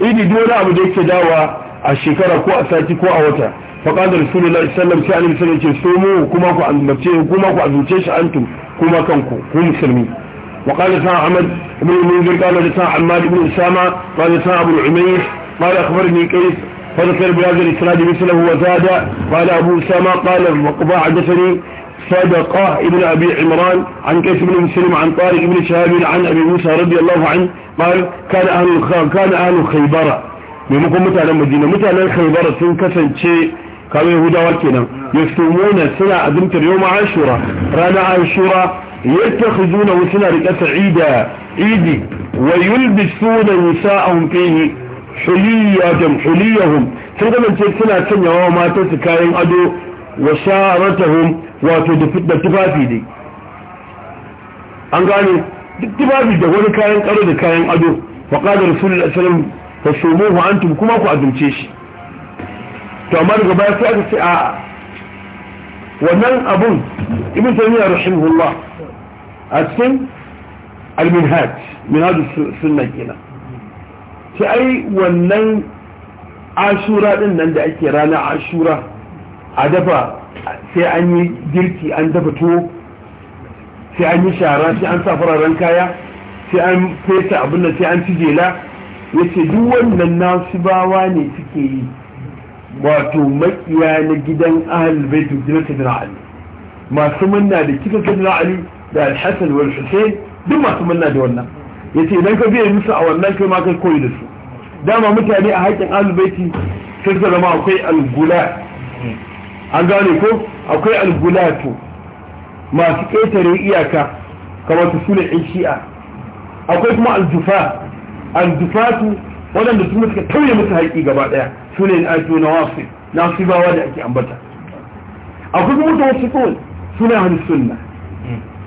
idi duk wani abu da yake dawa a shekara ko a sati ko a wata faƙadar rasulullahi sallam sai annabi sallam ce somo kuma ku annabce kuma ku azuce shi antum kuma kanku ku musulmi وقال سعى عمد بن المنذر قال سعى عماد بن أسامة قال سعى أبو العمير قال أخبرني كيس فذكر بهذا الإسناد مثله وزاد قال أبو أسامة قال وقبا حدثني صدقة ابن أبي عمران عن كيس بن مسلم عن طارق بن شهاب عن أبي موسى رضي الله عنه قال كان أهل كان أهل خيبر maimakon mutanen madina mutanen khaybar sun kasance kawai yahudawa kenan yastumuna suna azumtar yawma ashura rana ashura yattakhizuna wa suna riƙa sa'ida idi wa yulbisuna nisa'ahum fihi huliyatan huliyahum sun kasance suna sanyawa su kayan ado wa sharatahum wato da tufafi dai an gane duk tufafi da wani kayan karo da kayan ado wa qala rasulullahi sallallahu alaihi wasallam fa shumuhu antum kuma ku azumce shi to amma daga baya sai aka ce a wannan abun ibn taymiyyah rahimahullah a cikin al-minhaj minhaj sunna kenan sai ai wannan ashura din nan da ake rana ashura a dafa sai an yi girki an dafa tuwo sai an yi shara sai an sa fararen kaya sai an fesa abin da sai an ci jela yace duk wannan bawa ne suke yi wato makiya na gidan ahlul bait da sayyidina ali masu manna da kika sayyidina ali da al-hasan wal husayn duk masu manna da wannan yace idan ka biye musu a wannan kai ma kai koyi da su dama mutane a haƙin ahlul bait sai zama akwai al-gulat an gane ko akwai al to masu ƙetare iyaka kamar su ne shi'a akwai kuma aljufa an dufatu waɗanda su suka tauye musu haƙi gaba ɗaya su ne na wasu na su bawa da ake ambata akwai kuma wata wasu kowai suna hannu sunna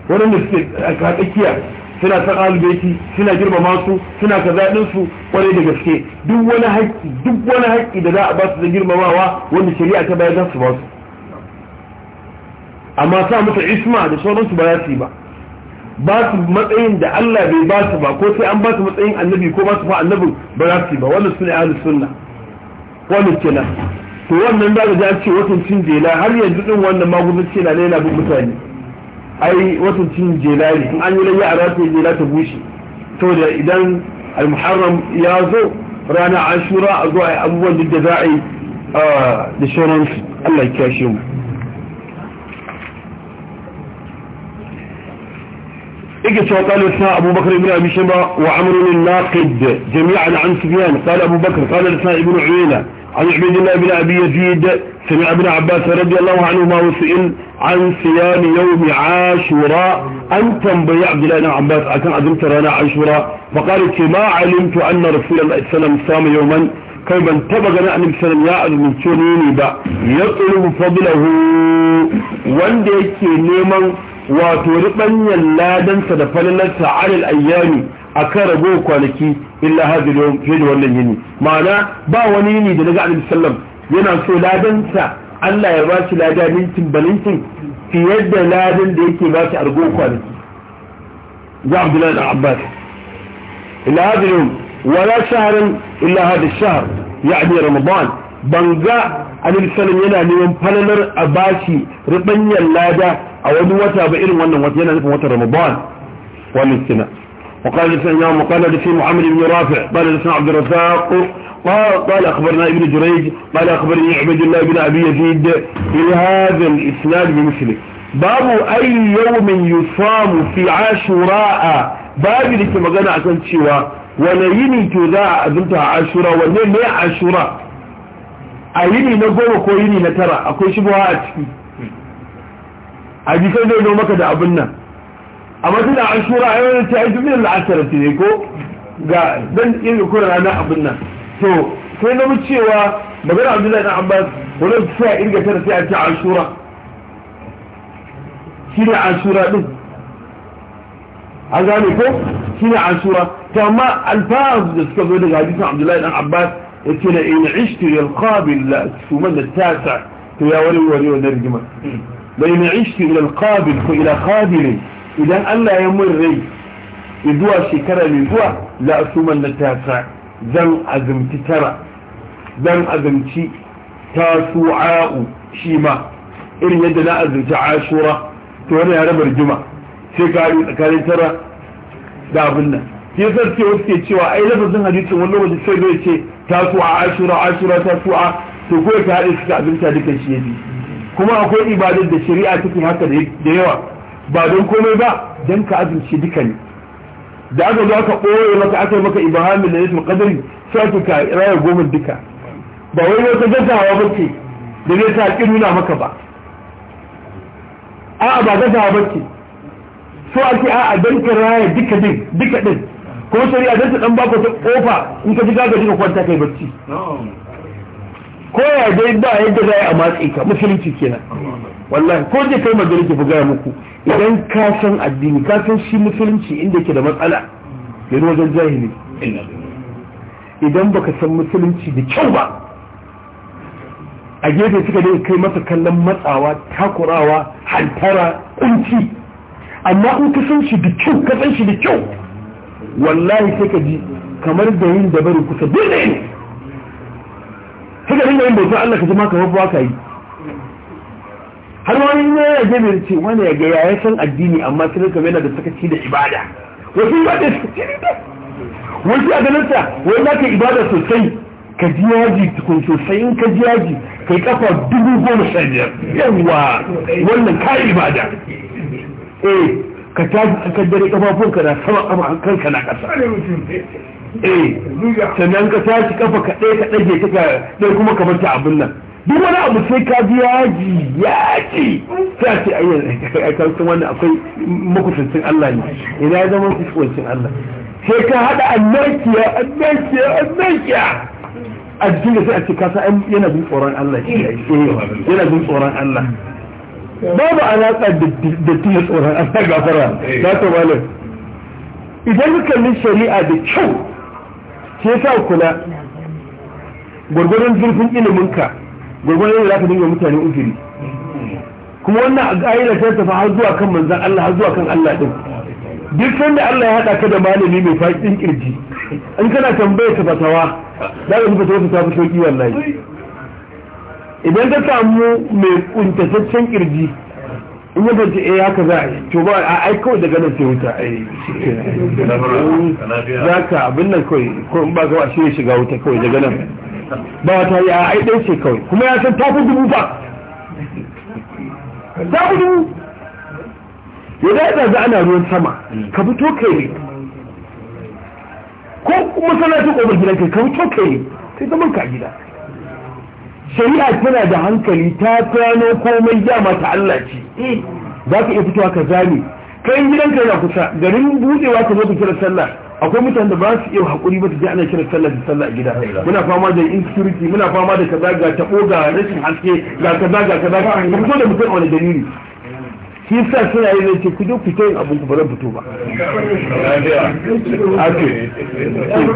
waɗanda suke kaɗakiya suna san alibeti suna girmama su suna ka zaɗinsu ƙwarai da gaske duk wani haƙƙi duk wani haƙƙi da za a ba su da girmamawa wanda shari'a ta bayar za su ba su amma sa musu isma da sauransu ba za su yi ba ba su matsayin da Allah bai ba su ba ko sai an ba su matsayin annabi ko ba su fa annabin ba za su ba wannan sune ahlus sunna wannan kenan to wannan da ga ce watan cin jela har yanzu din wannan magudan ce na laila bin mutane ai watan cin jela ne in an yi layya a rafi jela ta bushe to da idan al-muharram ya zo rana ashura a zo abubuwan da za a yi ah, da shauransu Allah ya kashe mu إجي قال لسنا أبو بكر بن أبي شبا وعمر الناقد جميعا عن سفيان قال أبو بكر قال لسنا ابن عيينة عن عبيد الله بن أبي يزيد سمع ابن عباس رضي الله عنهما وسئل عن صيام يوم عاشوراء أنتم تنبي عبد الله بن عباس أكن عزمت رانا عاشوراء فقالت ما علمت أن رسول الله صلى الله عليه وسلم صام يوما kai انتبغ نعم السلام يا sallallahu ya azumce يطلب فضله ya tsuru wato riɓanyar ladansa da falalarsa alal ayyami a kan rago kwanaki illa hadir yau fiye da wannan yini ma'ana ba wani yini da naga alim sallam yana so ladansa allah ya ba shi lada nintin balintin fiye da ladan da yake ba shi a rago kwanaki za abdullahi da abbas illa hadir yau wala shaharin illa hadir shahar ya'ani ramadan ban ga annabi yana neman falalar a bashi rubanyar lada a wani wata ba irin wannan wata yana nufin wata ramadan wannan sina وقال لسان يوم وقال لسان محمد بن رافع قال لسان عبد الرزاق قال أخبرنا ابن جريج قال أخبرني عبد الله بن أبي يزيد هذا الإسلام بمثله باب أي يوم يصام في عاشوراء باب لكي مغانا أكون شوى ونيني تذاع أذنتها عاشوراء ونيني عاشوراء a yini na goma ko yini na tara akwai shubuwa a ciki jikin zai zo maka da abin nan amma matuna an shura a yawon ta aiki min la'asar ta ne ko ga dan yin kura rana abin nan to sai na mu cewa magana abdullahi dan abbas wani su a irga tara sai a an ashura shi ne ashura din an gane ko shi ne ashura to amma alfahar da suka zo daga hadisan abdullahi dan abbas قلت له إن عشت للقابل لا لأكسومن التاسع يا ولي ولي ونرجم لإن عشت إلى القابل فإلى قابل إذا ألا يمر إذوا شكرا لإذوا لأكسومن التاسع زن أزمت ترى زن أزمت تاسوعاء شيما إن يد لا أزمت عاشورة تولي هرم الجمع شكرا لإذوا ترى دابنا shi yasa ce wasu cewa ai lafazin hadisin wani lokaci sai zai ce tasu'a ashura ashura tasu'a to ko ka haɗe suka abinta dukan shi yafi kuma akwai ibadar da shari'a cikin haka da yawa ba don komai ba don ka azumci duka ne da aka zo aka ɓoye maka aka yi maka ibrahim da yasmin kadari sai ka raya goma duka ba wai wata gazawa ba ce da zai ta ƙi nuna maka ba a'a ba gazawa ba ce so ake a'a don ka raya duka din duka din ko shari'a don ta dan baka ta kofa in ka ji gagaji ka kwanta kai bacci ko ya dai ba yadda za a matsi ka musulunci kenan wallahi ko je kai majalisa ku buga muku idan ka san addini ka san shi musulunci inda ke da matsala yana wajen jahili idan baka san musulunci da kyau ba a gefe suka dai kai masa kallon matsawa takurawa hantara kunci amma in ka san shi da kyau ka san shi da kyau wallahi sai ka ji kamar da yin da bari kusa duk da ne sai ka dinga yin bautar Allah ka ji ma kamar ba ka yi har wani ne ya je mai ce wani ya ga ya san addini amma sai ka yana da sakaci da ibada wasu ibada sakaci ne wasu a ganin sa wai za ka ibada sosai ka ji yaji tukun sosai in ka ji yaji kai kafa dubu goma sha biyar Yawa wannan ka ibada eh ka tashi a kan dare kafafunka na sama kama kanka na ƙasa eh sannan ka tashi kafa ka ɗaya ka ɗage ta ɗaya kuma kamar ta abin nan duk wani abu sai ka ji yaji yaji ta ce ayyar kan wannan akwai makusancin Allah ne ina ya zama kusancin Allah sai ka haɗa annakiya annakiya annakiya a jikin da sai a ce kasa yana jin tsoron Allah eh, yana jin tsoron Allah babu alaƙa da tiya tsoron Allah gafara eh. za ta malam idan ka min shari'a da kyau ke sa kula gwargwadon zurfin iliminka gwargwadon da za dinga mutane ujiri kuma wannan ayyana ta tafi har zuwa kan manzan Allah har zuwa kan Allah din duk sanda Allah ya haɗa ka da malami mai faɗin kirji in kana tambayar ta fatawa za ka ji fatawa ta fi sauki wallahi idan ka samu mai kuntataccen kirji in yi zance eh haka za a yi to ba a aiko kawai daga nan sai wuta yi za ka abin nan kawai ko in ba ka ba shi ne shiga wuta kawai daga nan ba ta yi a ai ɗaya ce kawai kuma ya san tafi dubu fa tafi dubu ya da yadda za ana ruwan sama ka fito kai ne ko masana'atu ƙofar gidan kai ka fito kai ne sai zaman ka gida shari'a tana da hankali ta kano komai dama ta Allah ce eh. za ka iya fitowa ka zame kai gidanka yana kusa garin budewa ka zo ka kira sallah akwai mutane da ba su iya haƙuri ba ta ji ana kira sallah da sallah a gida muna fama da insecurity muna fama da kaza ga tabo ga rashin haske ga kaza ga kaza ka da mutum a wani dalili shi sa suna yi zai ce ku je ku ta yin abin ku ba zan fito ba ake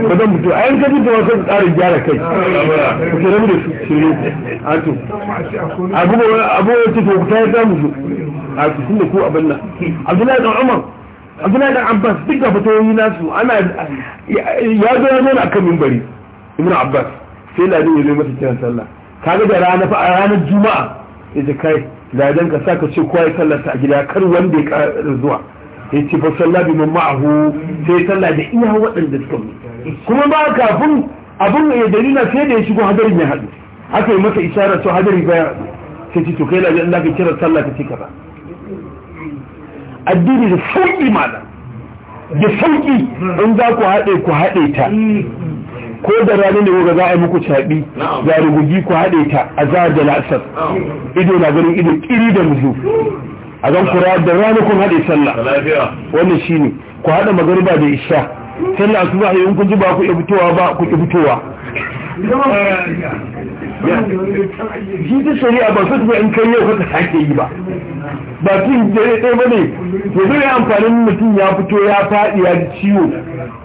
ba zan fito a yanka duk da wasu tsarin gyara kai ku ke rabu da su shirin ake abu ba ce ku ta yi ta musu a cikin da ku abin nan abdullahi dan umar abdullahi dan abbas duk da yi nasu ana ya zo ya a kan mimbari ibn abbas sai ladin ya zo masa kiran sallah kaga da rana fa a ranar juma'a ya ce kai Ladan idan ka sa ka ce kowa ya sallarsa a gida kar wanda ya ƙara zuwa ya ce fa sallah bi a hu sai sallah da iya waɗanda suka mu kuma ba kafin abin ya dalila sai da ya shigo hadarin ya haɗu aka yi masa isharar to hadari ba ya haɗu sai ce to kai lafiya Allah ka kira sallah ka ce kaza addini da sauƙi malam da sauƙi in za ku haɗe ku haɗe ta ko da ranar da goga za a yi muku caɓi ya rugugi ku haɗe ta a zahar da la'asar ido na ganin ido ƙiri da muzu a zan kura da ranar kun haɗe sallah wannan shi ne ku haɗa magariba da isha sallah su ba in kun ji ba ku iya fitowa ba ku iya fitowa shi ta shari'a ba su in kai yau kuka sake yi ba ba tun jere ɗaya ba ne to zai amfanin mutum ya fito ya faɗi ya ciwo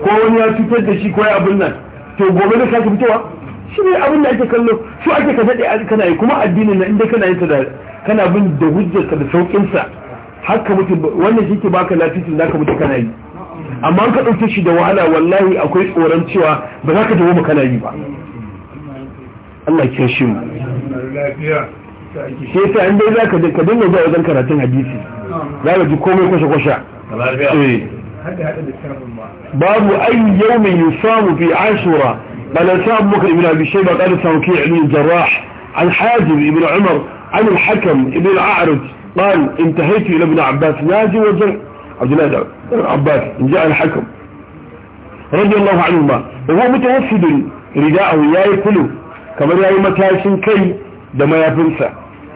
ko wani ya cutar da shi ko ya abin nan to gobe ne sake fitowa shi ne abin da ake kallo su ake ka daɗe kana yi kuma addinin na inda kana yin ta da kana bin da ka da sauƙinsa haka mutu wannan shi ke baka lafiyar, za ka mutu kana yi amma an ka ɗauke shi da wahala wallahi akwai tsoron cewa ba za ka dawo kana yi ba Allah ke shi mu sai ta inda za ka dinga zuwa wajen karatun hadisi za ka ji komai kwashe-kwashe باب أي يوم يصام في عاشوراء قال أبو بكر ابن أبي شيبة قال توكيع بن الجراح عن حازم ابن عمر عن الحكم ابن الأعرج قال انتهيت إلى ابن عباس نازي وجر عبد الله ابن عباس جاء الحكم رضي الله عنهما وهو متوسد رداءه يا يكله كما رأي متاشن كي دما يفنسه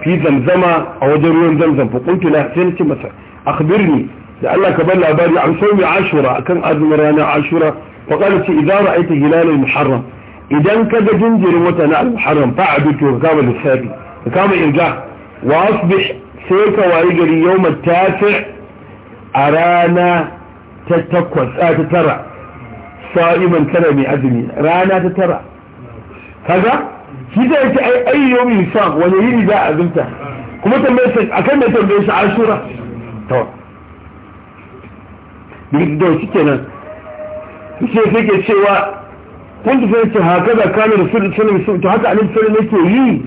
في زمزمة أو جروان زمزم فقلت له سنتي مثلا أخبرني لعلك بل عبادي عن صوم عشرة كان أذن رانا عشرة فقالت إذا رأيت هلال المحرم إذا كذا جنجر متنع المحرم فعبدك وكام الخير وكام إرجاع وأصبح سيك وإجري يوم التاسع أرانا تتكوس آه تترع صائما كلمي أذني رانا تترع هذا إذا أنت أي, أي يوم يصاب ونهي لذا أذنته كما تنبيسك أكلم تنبيس عشرة طبعا da shi kenan sai take cewa kun tafi ce haka da kana da sirri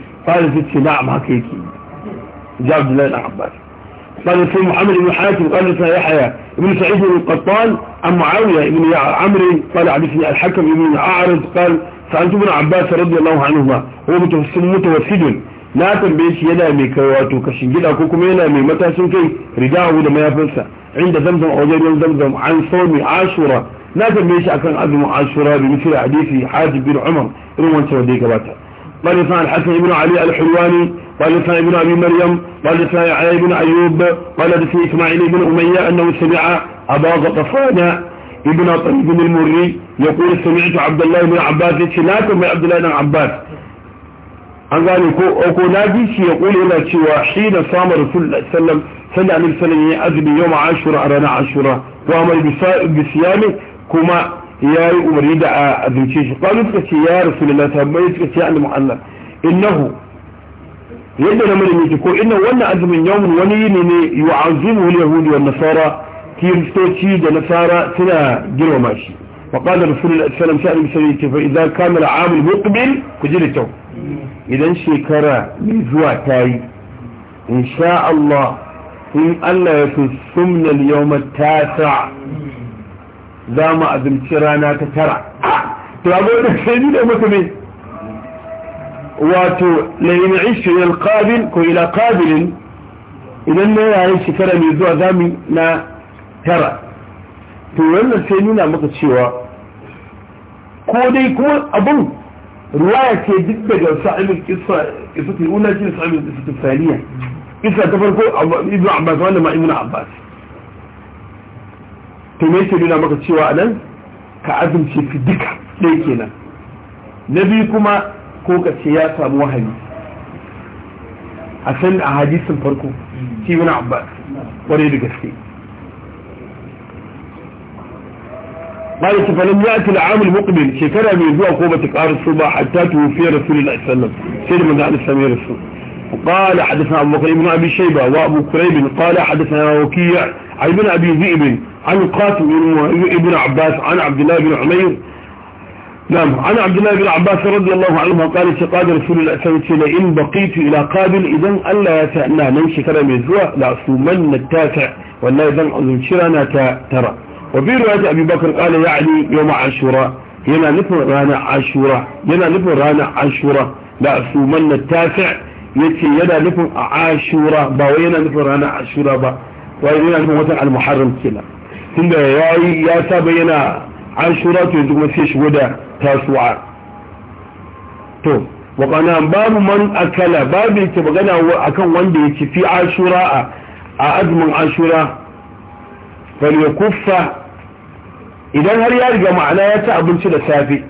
قال سيد محمد بن حاتم قال لسنا يحيى ابن سعيد بن قطان عن معاوية ابن عمرو قال حدثني الحكم ابن أعرض قال سألت ابن عباس رضي الله عنهما هو متوسل متوسد na tambaye shi yana mai kai wato kashin gida ko kuma yana mai matashin kai rigahu da mayafinsa inda zamzam a wajen zamzam an somi ashura na tambaye shi akan azumin ashura bi misali hadisi haji bin umar irin wancan wanda ya gabata قال لسان الحسن بن علي الحلواني قال لسان ابن أبي مريم قال لسان علي بن أيوب قال لسان إسماعيل بن أمية أنه سمع أبا غطفان ابن طيب المري يقول سمعت عبد الله بن عباس لا تنبي عبد الله بن عباس an gane ko ko na ji shi ya kula yana cewa shi da samun rasul sallam sallallahu alaihi wasallam ya azumi yau ashura a ranar ashura wa amal bisiyami kuma ya yi umarni da a azumce shi kwanu suka ce ya rasulullah sabbai suka ce al mu'allaf innahu yadda na mana ko inna wannan azumin yawon wani yini ne yu'azimu yahudi wa nasara kiristoci da nasara suna girmama shi وقال رسول الله صلى الله عليه وسلم فإذا كان العام المقبل كجل التوم idan shekara mai zuwa ta yi insha Allah in Allah ya so sumnal yawma tasa za mu azumci rana ta tara to abu da sai da muka ne wato la yin ishu yal qabil ko ila qabilin idan na yayin shekara mai zuwa za mu na tara to wannan sai nuna maka cewa ko dai kuma abun ruwaya ce duk daga sa'ibin kisa ta ula ce sa'ibin kisa ta saniya kisa ta farko ibn abbas wanda ma ibn abbas to me yake nuna maka cewa a nan ka azumce fi duka ɗaya kenan na biyu kuma ko ka ce ya samu wahayi a san a hadisin farko ibn abbas kwarai da gaske قالت فلم يأتي العام المقبل شكرا من ذو قوبة قارة الصوبة حتى توفي رسول الله صلى الله عليه وسلم سيد من ذلك سمي رسول وقال حدثنا أبو بكر بن أبي شيبة وأبو كريب قال حدثنا وكيع عن ابن أبي ذئب عن قاتل ابن عباس عن عبد الله بن عمير نعم عن عبد الله بن عباس رضي الله عنه قال شقاد رسول الله صلى الله عليه وسلم إن بقيت إلى قابل إذا ألا يتأنا شكرا من الزوء لأصومن التاسع والله إذا أظن شرنا ترى وفي رواية أبي بكر قال يا علي يوم عاشوراء ينا نفر رانا عاشوراء ينا نفر رانا عاشوراء لا سومن التاسع يتي ينا نفر عشرة با وينا نفر رانا عاشوراء با وينا نفر وطن المحرم كلا ثم يا علي يا سابينا عاشوراء عشرة تيزوك مسيش ودا تاسوعة تو وقنا باب من أكل باب يتبغنا أكون واندي في عاشوراء أأدمن عاشوراء فليكف idan har ya riga ma'ana ya ci abinci da safe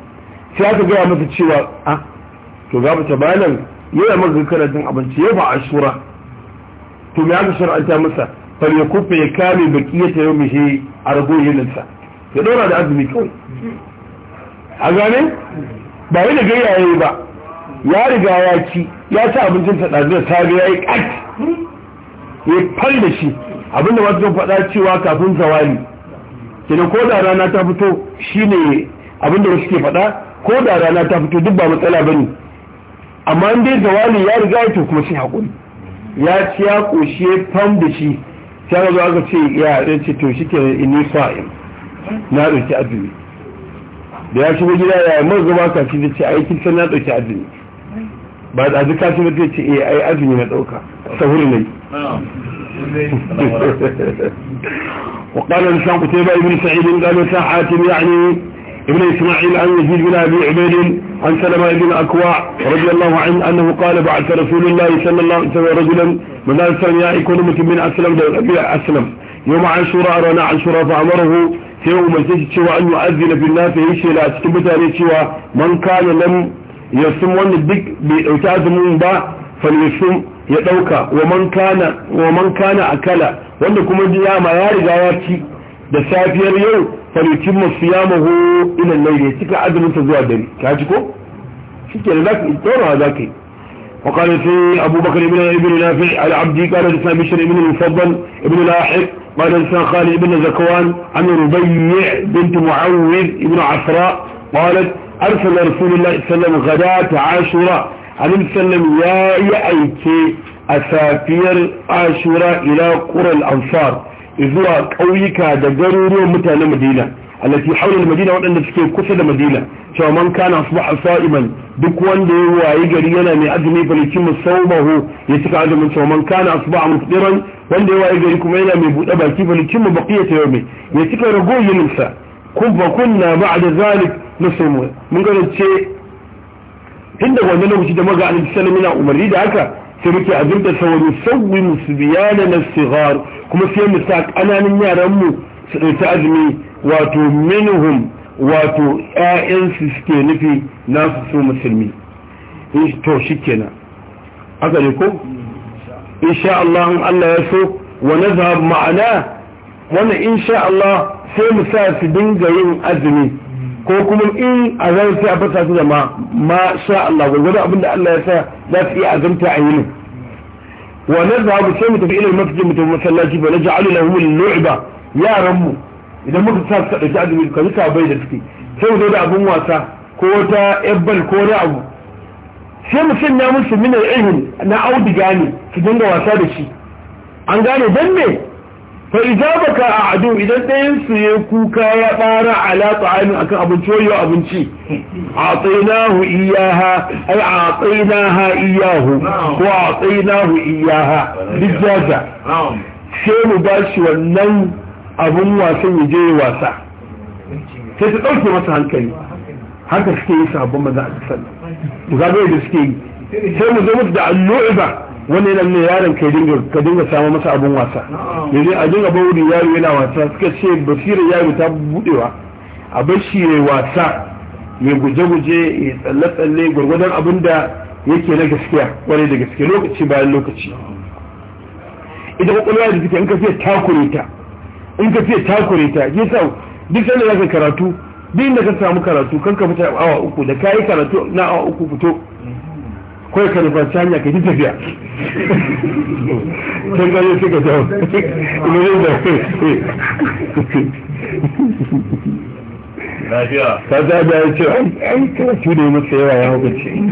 sai aka gaya masa cewa a ah, to ga ta bayanan yana maka karatun abinci ya ba ashura to me aka shar'anta masa fal ya kufa ya kame bakiyata yau mishi a rago yininsa ya ɗora da azumi kawai a gane ba gari da gayyaye ba ya riga ya ci ya ci abincin ta ɗazu da safe ya yi ya fal da shi abinda wasu faɗa cewa kafin zawali kenan ko da rana ta fito shine abinda wasu ke faɗa ko da rana ta fito duk ba matsala bane amma an dai zawali ya riga ya to kuma sai hakuri ya ci ya koshi ya fam da shi sai ga aka ce ya ya ce to shike inni sa'im na dauki azumi da ya shigo gida ya mai zuba ka shi ce aikin sai na dauki azumi ba da azumi shi ba ce eh ai azumi na dauka sahuri ne وقال الإنسان قتيبة بن سعيد قال حاتم يعني ابن إسماعيل عن يزيد بن أبي عبيد عن سلمة بن أكوع رضي الله عنه أنه قال بعث رسول الله صلى الله عليه وسلم رجلا من ذلك السلام يا إكونمة من أسلم أبي أسلم يوم عاشوراء رانا عاشوراء فأمره في يوم shi شوى أن يؤذن في الناس yayi shela a cikin mutane cewa man kana lam yasum wanda duk bai dauki azumin ya dauka wa man kana wa man kana akala wanda kuma diyama ya riga ya ci da safiyar yau falukin masiyamahu ila layli cika azumin ta zuwa dare ka ji ko shike da zaki zaka tsora zaka وقال في أبو بكر بن ابن نافع العبدي قال لسان بشر بن المفضل ابن لاحق قال لسان خالد بن زكوان عن ربيع بنت معوذ بن عفراء قالت أرسل رسول الله صلى الله عليه وسلم غداة عاشوراء alaihi sallam ya yi aike a safiyar ashura ila qural ansar zuwa ƙauyuka da garuruwan mutane madina التي حول المدينة وأن تسكي كسد مدينة شو من كان أصبح صائما duk wanda ya waye gari yana mai azumi falikin musaumahu ya cika azumin sa man kana asba'a mufdiran wanda ya waye gari kuma yana mai buɗe baki falikin ta yawmi ya cika ragoyin sa kun fa kunna ba'da zalik nusum mun ga ce tun da wannan lokaci da maga alaihi sallam yana umarni da haka sai muke azurta sawani sawwi musbiyana na sigar kuma sai mu sa kananan yaran mu su dauki azumi wato minhum wato ƴaƴan su suke nufi na su musulmi to shikenan haka ne ko insha Allah Allah ya so wa nazhab ma'ana wannan insha Allah sai mu sa su dinga yin azumi ko kuma in a zai sai a fasa su zama ma sha Allah gwargwado abinda Allah ya sa za su iya azamta a yinin wa na zahabu sai mu tafi ilil masjid mu tafi masallaci ba na ja'alu lahum al-lu'ba yaran mu idan muka sa su dauki azumi ka zuka bai da suke sai mu da abin wasa ko wata ebal ko wani abu sai mu sanya musu min al na audiga ne su dinga wasa da shi an gane dan me fa idza a a'adu idan ɗayan su ya kuka ya bara ala ta'amin akan abinci wayo abinci a'tainahu iyaha ay a'tainaha iyahu ko a a'tainahu iyaha bijaza sai mu ba shi wannan abun wasan ya je wasa sai ta dauke masa hankali haka suke yi sabon maza a ƙasar mu ga da suke yi sai mu zo musu da allu'iba wani nan ne yaron ka dinga ka dinga samu masa abin wasa yanzu a dinga bauri yaro yana wasa suka ce basirar yaro ta budewa a bar shi yayi wasa ya guje-guje ya tsalle-tsalle gwargwadon abin da yake na gaskiya kwarai da gaske lokaci bayan lokaci idan kwakwalwa da suke in ka fiye takure ta in ka fiye takure ta ke sa duk sanda za ka karatu duk da ka samu karatu kan ka fita awa uku da ka yi karatu na awa uku fito kawai ka nufarci hanya ka yi tafiya can gani suka jawo ilimin da ta zaɓa ya ce ai karatu yi masa yawa ya hukunce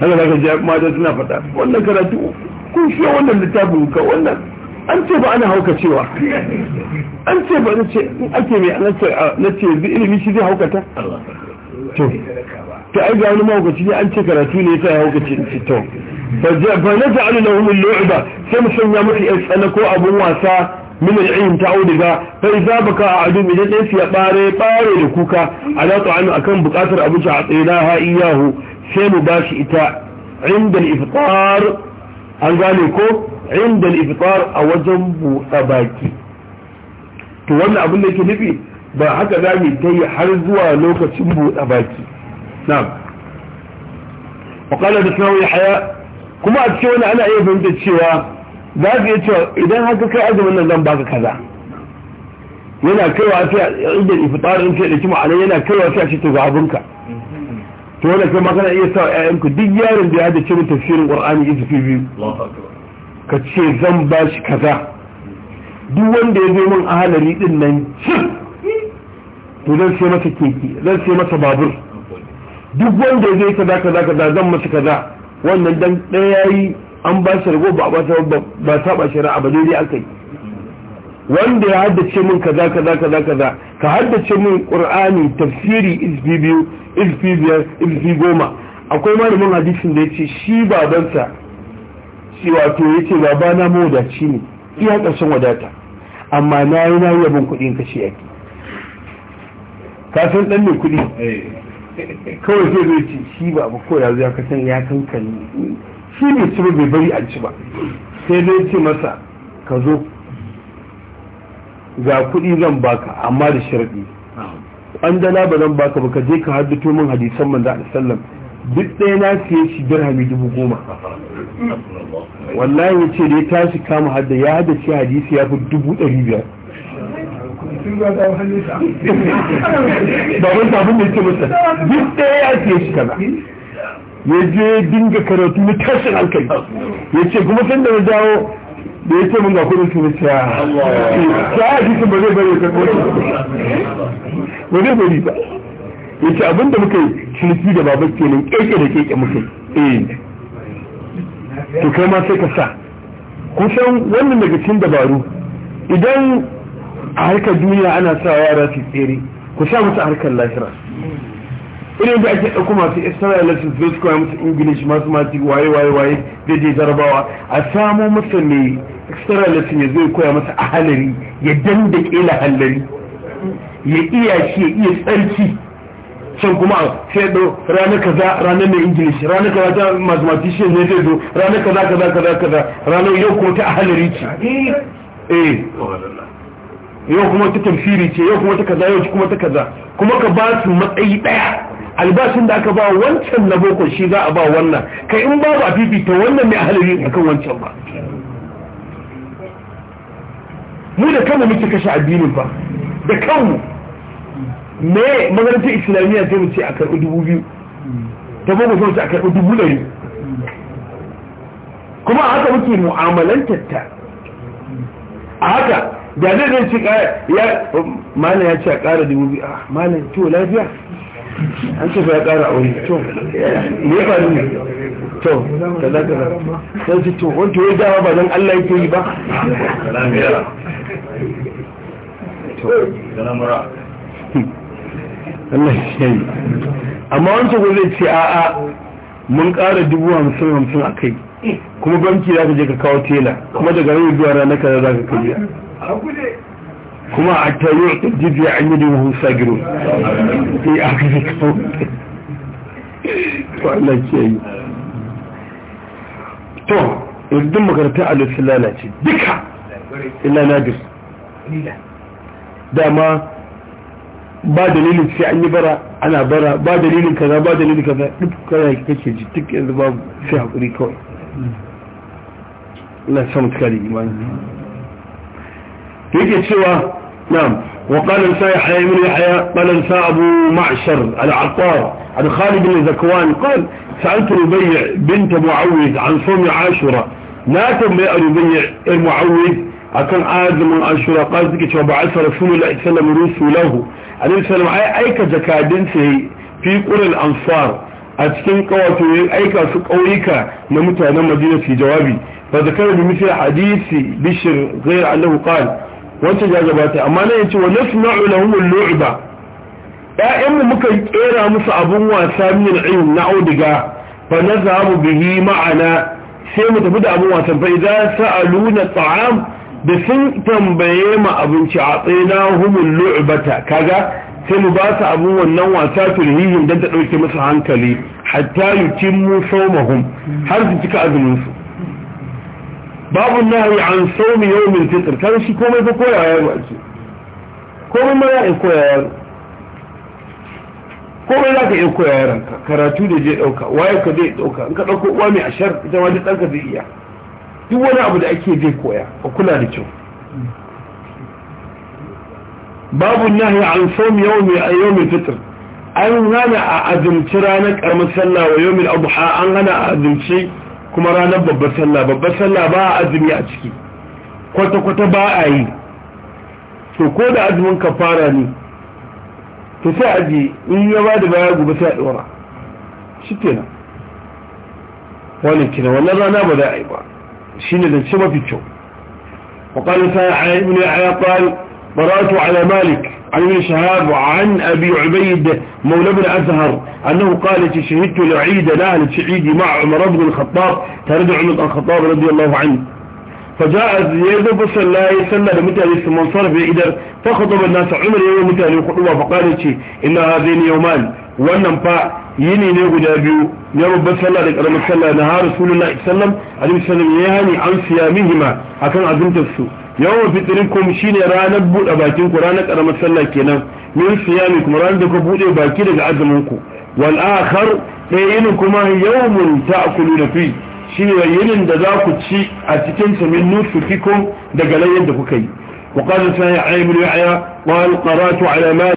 haka za ji mata suna faɗa wannan karatu kun shi wannan littafin ka wannan an ce ba ana hauka cewa an ce ba na ce ake mai na ce ilimi shi zai haukata ta ai ga wani mahaukaci ne an ce karatu ne yasa ya haukaci ce to fa na ja'alu lahum al-lu'ba sai mu sanya musu yan tsana ko abun wasa min al ta auduga fa isa baka adu idan dai ya bare bare da kuka ala a akan bukatar abinci a tsinaha iyahu sai mu bashi ita inda al an gane ko inda al a wajen buɗa baki to wannan abin da yake nufi ba haka za mu yi har zuwa lokacin buɗa baki na'am وقال حدثنا يحيى kuma a cikin wani ana iya fahimta cewa za ka iya cewa idan haka kai azumin nan zan baka kaza yana kaiwa sai a inda ifitar in kai da kuma yana kaiwa sai a ce to ga abinka to wanda kai ma kana iya sa ku duk yaron da ya da cin tafsirin qur'ani fi biyu ka ce zan ba shi kaza duk wanda ya zo min ahalari din nan cin to zan sai masa keke zan sai masa babur duk wanda zai kaza kaza kaza zan masa kaza wannan dan ɗaya yi an ba shi rago ba ba ba ta ba shari'a ba daidai akai wanda ya haddace min kaza kaza kaza kaza ka haddace min qur'ani tafsiri isbi biyu goma akwai malamin hadisin da yace shi babansa shi wato yace babana mawadaci ne iya karshen wadata amma na yi na yi yabon kudin kashi ake. ka san ɗan kudi kuɗi eh. kawai zai zai ce shi ba abu ko ya ya kasan ya kankani shi ne ci bai bari an ci ba sai zai ce masa ka zo ga kuɗi zan baka amma da sharaɗi an dala ba zan baka ba ka je ka haddato min hadisan manzo Allah sallam duk ɗaya na siye shi dirhami dubu goma wallahi ya ce da ya tashi kama hadda ya haddace hadisi ya fi dubu ɗari biyar sun duk dinga karatu na tashin ya ce kuma sun da na dawo da ya ce mun ga su ta jikin ba zai bari ba zai bari da babar kenan keke da eh. to kai ma sai ka sa kusan wannan daga cikin dabaru idan a harkar duniya ana sa yara su tsere ku sa musu harkar lahira irin da ake ɗauko masu extra su zai su koya musu ingilish masu masu waye waye waye dai jarabawa a samo musu mai extra su ya zai koya musu a halari ya danda kela halari ya iya shi ya iya tsarki can kuma sai do ranar kaza ranar mai ingilish ranar kaza ta shi ne zai zo ranar kaza kaza kaza kaza ranar yau ko ta halari ce eh yau kuma ta tafsiri ce yau kuma ta kaza yau kuma ta kaza kuma ka ba su matsayi daya albashin da aka ba wancan na boko shi za a ba wannan kai in babu a fifita wannan ne ahalari akan wancan ba mu da kanmu muke kashe addinin ba da kanmu me makarantar islamiyya sai mu ce a karɓi dubu biyu ta boko sai ce a karɓi dubu ɗari kuma a haka muke mu'amalantar ta a haka da zai zai ci ya mana ya ce a kare dubu biyu a ah, mana to lafiya an ce ya a wani. to ne ba ne to kaza kaza sai ce to wanda ya dawa ba don Allah yake yi ba Allah ya yi amma wancan wanda zai ce a'a mun kara dubu hamsin hamsin a kai kuma banki za ka je ka kawo tela kuma daga yau zuwa ranar kaza za ka kariya kuma a tayi jizya an yi duhun sagiru sai a kaji kawo to Allah ke yi to yanzu makarta a lusu lalace duka ila nadir dama ba dalilin sai an yi bara ana bara ba dalilin kaza ba dalilin kaza duk kana kake ji duk yanzu ba sai haƙuri kawai na samun tukari imanin يجي سوى نعم وقال نساء يحيى بن يحيى قال نساء أبو معشر العطار عن خالد بن زكوان قال سألت ربيع بنت معوذ عن صوم عاشرة لا تنبيع ربيع المعوذ أكن عاد من عاشوراء قال ذكت وبعث رسول الله صلى الله عليه وسلم رسوله عليه السلام أيك زكادين في قرى الأنصار أتكين قواتي أيك سقويك نمت أنا مدينة في جوابي فذكر بمثل حديث بشر غير أنه قال wancan ya gabata amma nan yace wa nasma'u lahum al-lu'ba mu muka kera musu abun wasa min ayyun na audiga fa biyi bihi ma'ana sai mu tafi da abun wasan fa idan sa'aluna ta'am da sun tambaye mu abinci a tsina humul lu'bata kaga sai mu ba su abun wannan wasa tulhihim dan ta dauke musu hankali hatta yutimmu sawmahum har su cika azumin su babu nahi an sawmi yawmil fitr kan shi komai fa koya ba ce komai ma ya koya ya komai za ka iya koya ranka karatu da je ɗauka waye ka zai ɗauka in ka dauko uwa mai ashar ita ma duk ɗanka zai iya duk wani abu da ake zai koya a kula da kyau babu nahi an saumi yawmi yawmi fitr an hana a azumci ranar karamar sallah wa abu adha an hana a azumci kuma ranar babbar sallah babbar sallah ba a azumi a ciki kwata-kwata ba a yi to ko da azumin kafara ne to sai aji in ya ba da baya gobe sai a ɗora, shi nan wani kina wannan rana ba za a yi ba Shi ne da ce mafi kyau ne a ya ƙwari قرأت على مالك عن ابن شهاب وعن أبي عبيد مولى بن أزهر أنه قال شهدت لعيد لا شعيدي مع عمر بن الخطاب ترد عمر الخطاب رضي الله عنه فجاء زياد بن سلاي صلى لمتاني ثم صرف إدر فخطب الناس عمر يوم متاني ce فقال شيء إن هذين يومان wannan fa yini ne guda biyu na babban sallah da karamin sallah na har rasulullahi sallam alaihi sallam ya hani an siya mihima akan azumtar su yawan fitirikum shine ranar buɗe bakin ku ranar karamin sallah kenan min siyami kuma ranar da ku bude baki daga azumin ku wal akhar ɗaya yini kuma yawmun da fi shine yinin da za ku ci a cikin ta min nusu kikon daga layin da kuka yi. Wa ƙasa sa yaya aimiru ya aya, wa alƙaratu alamati.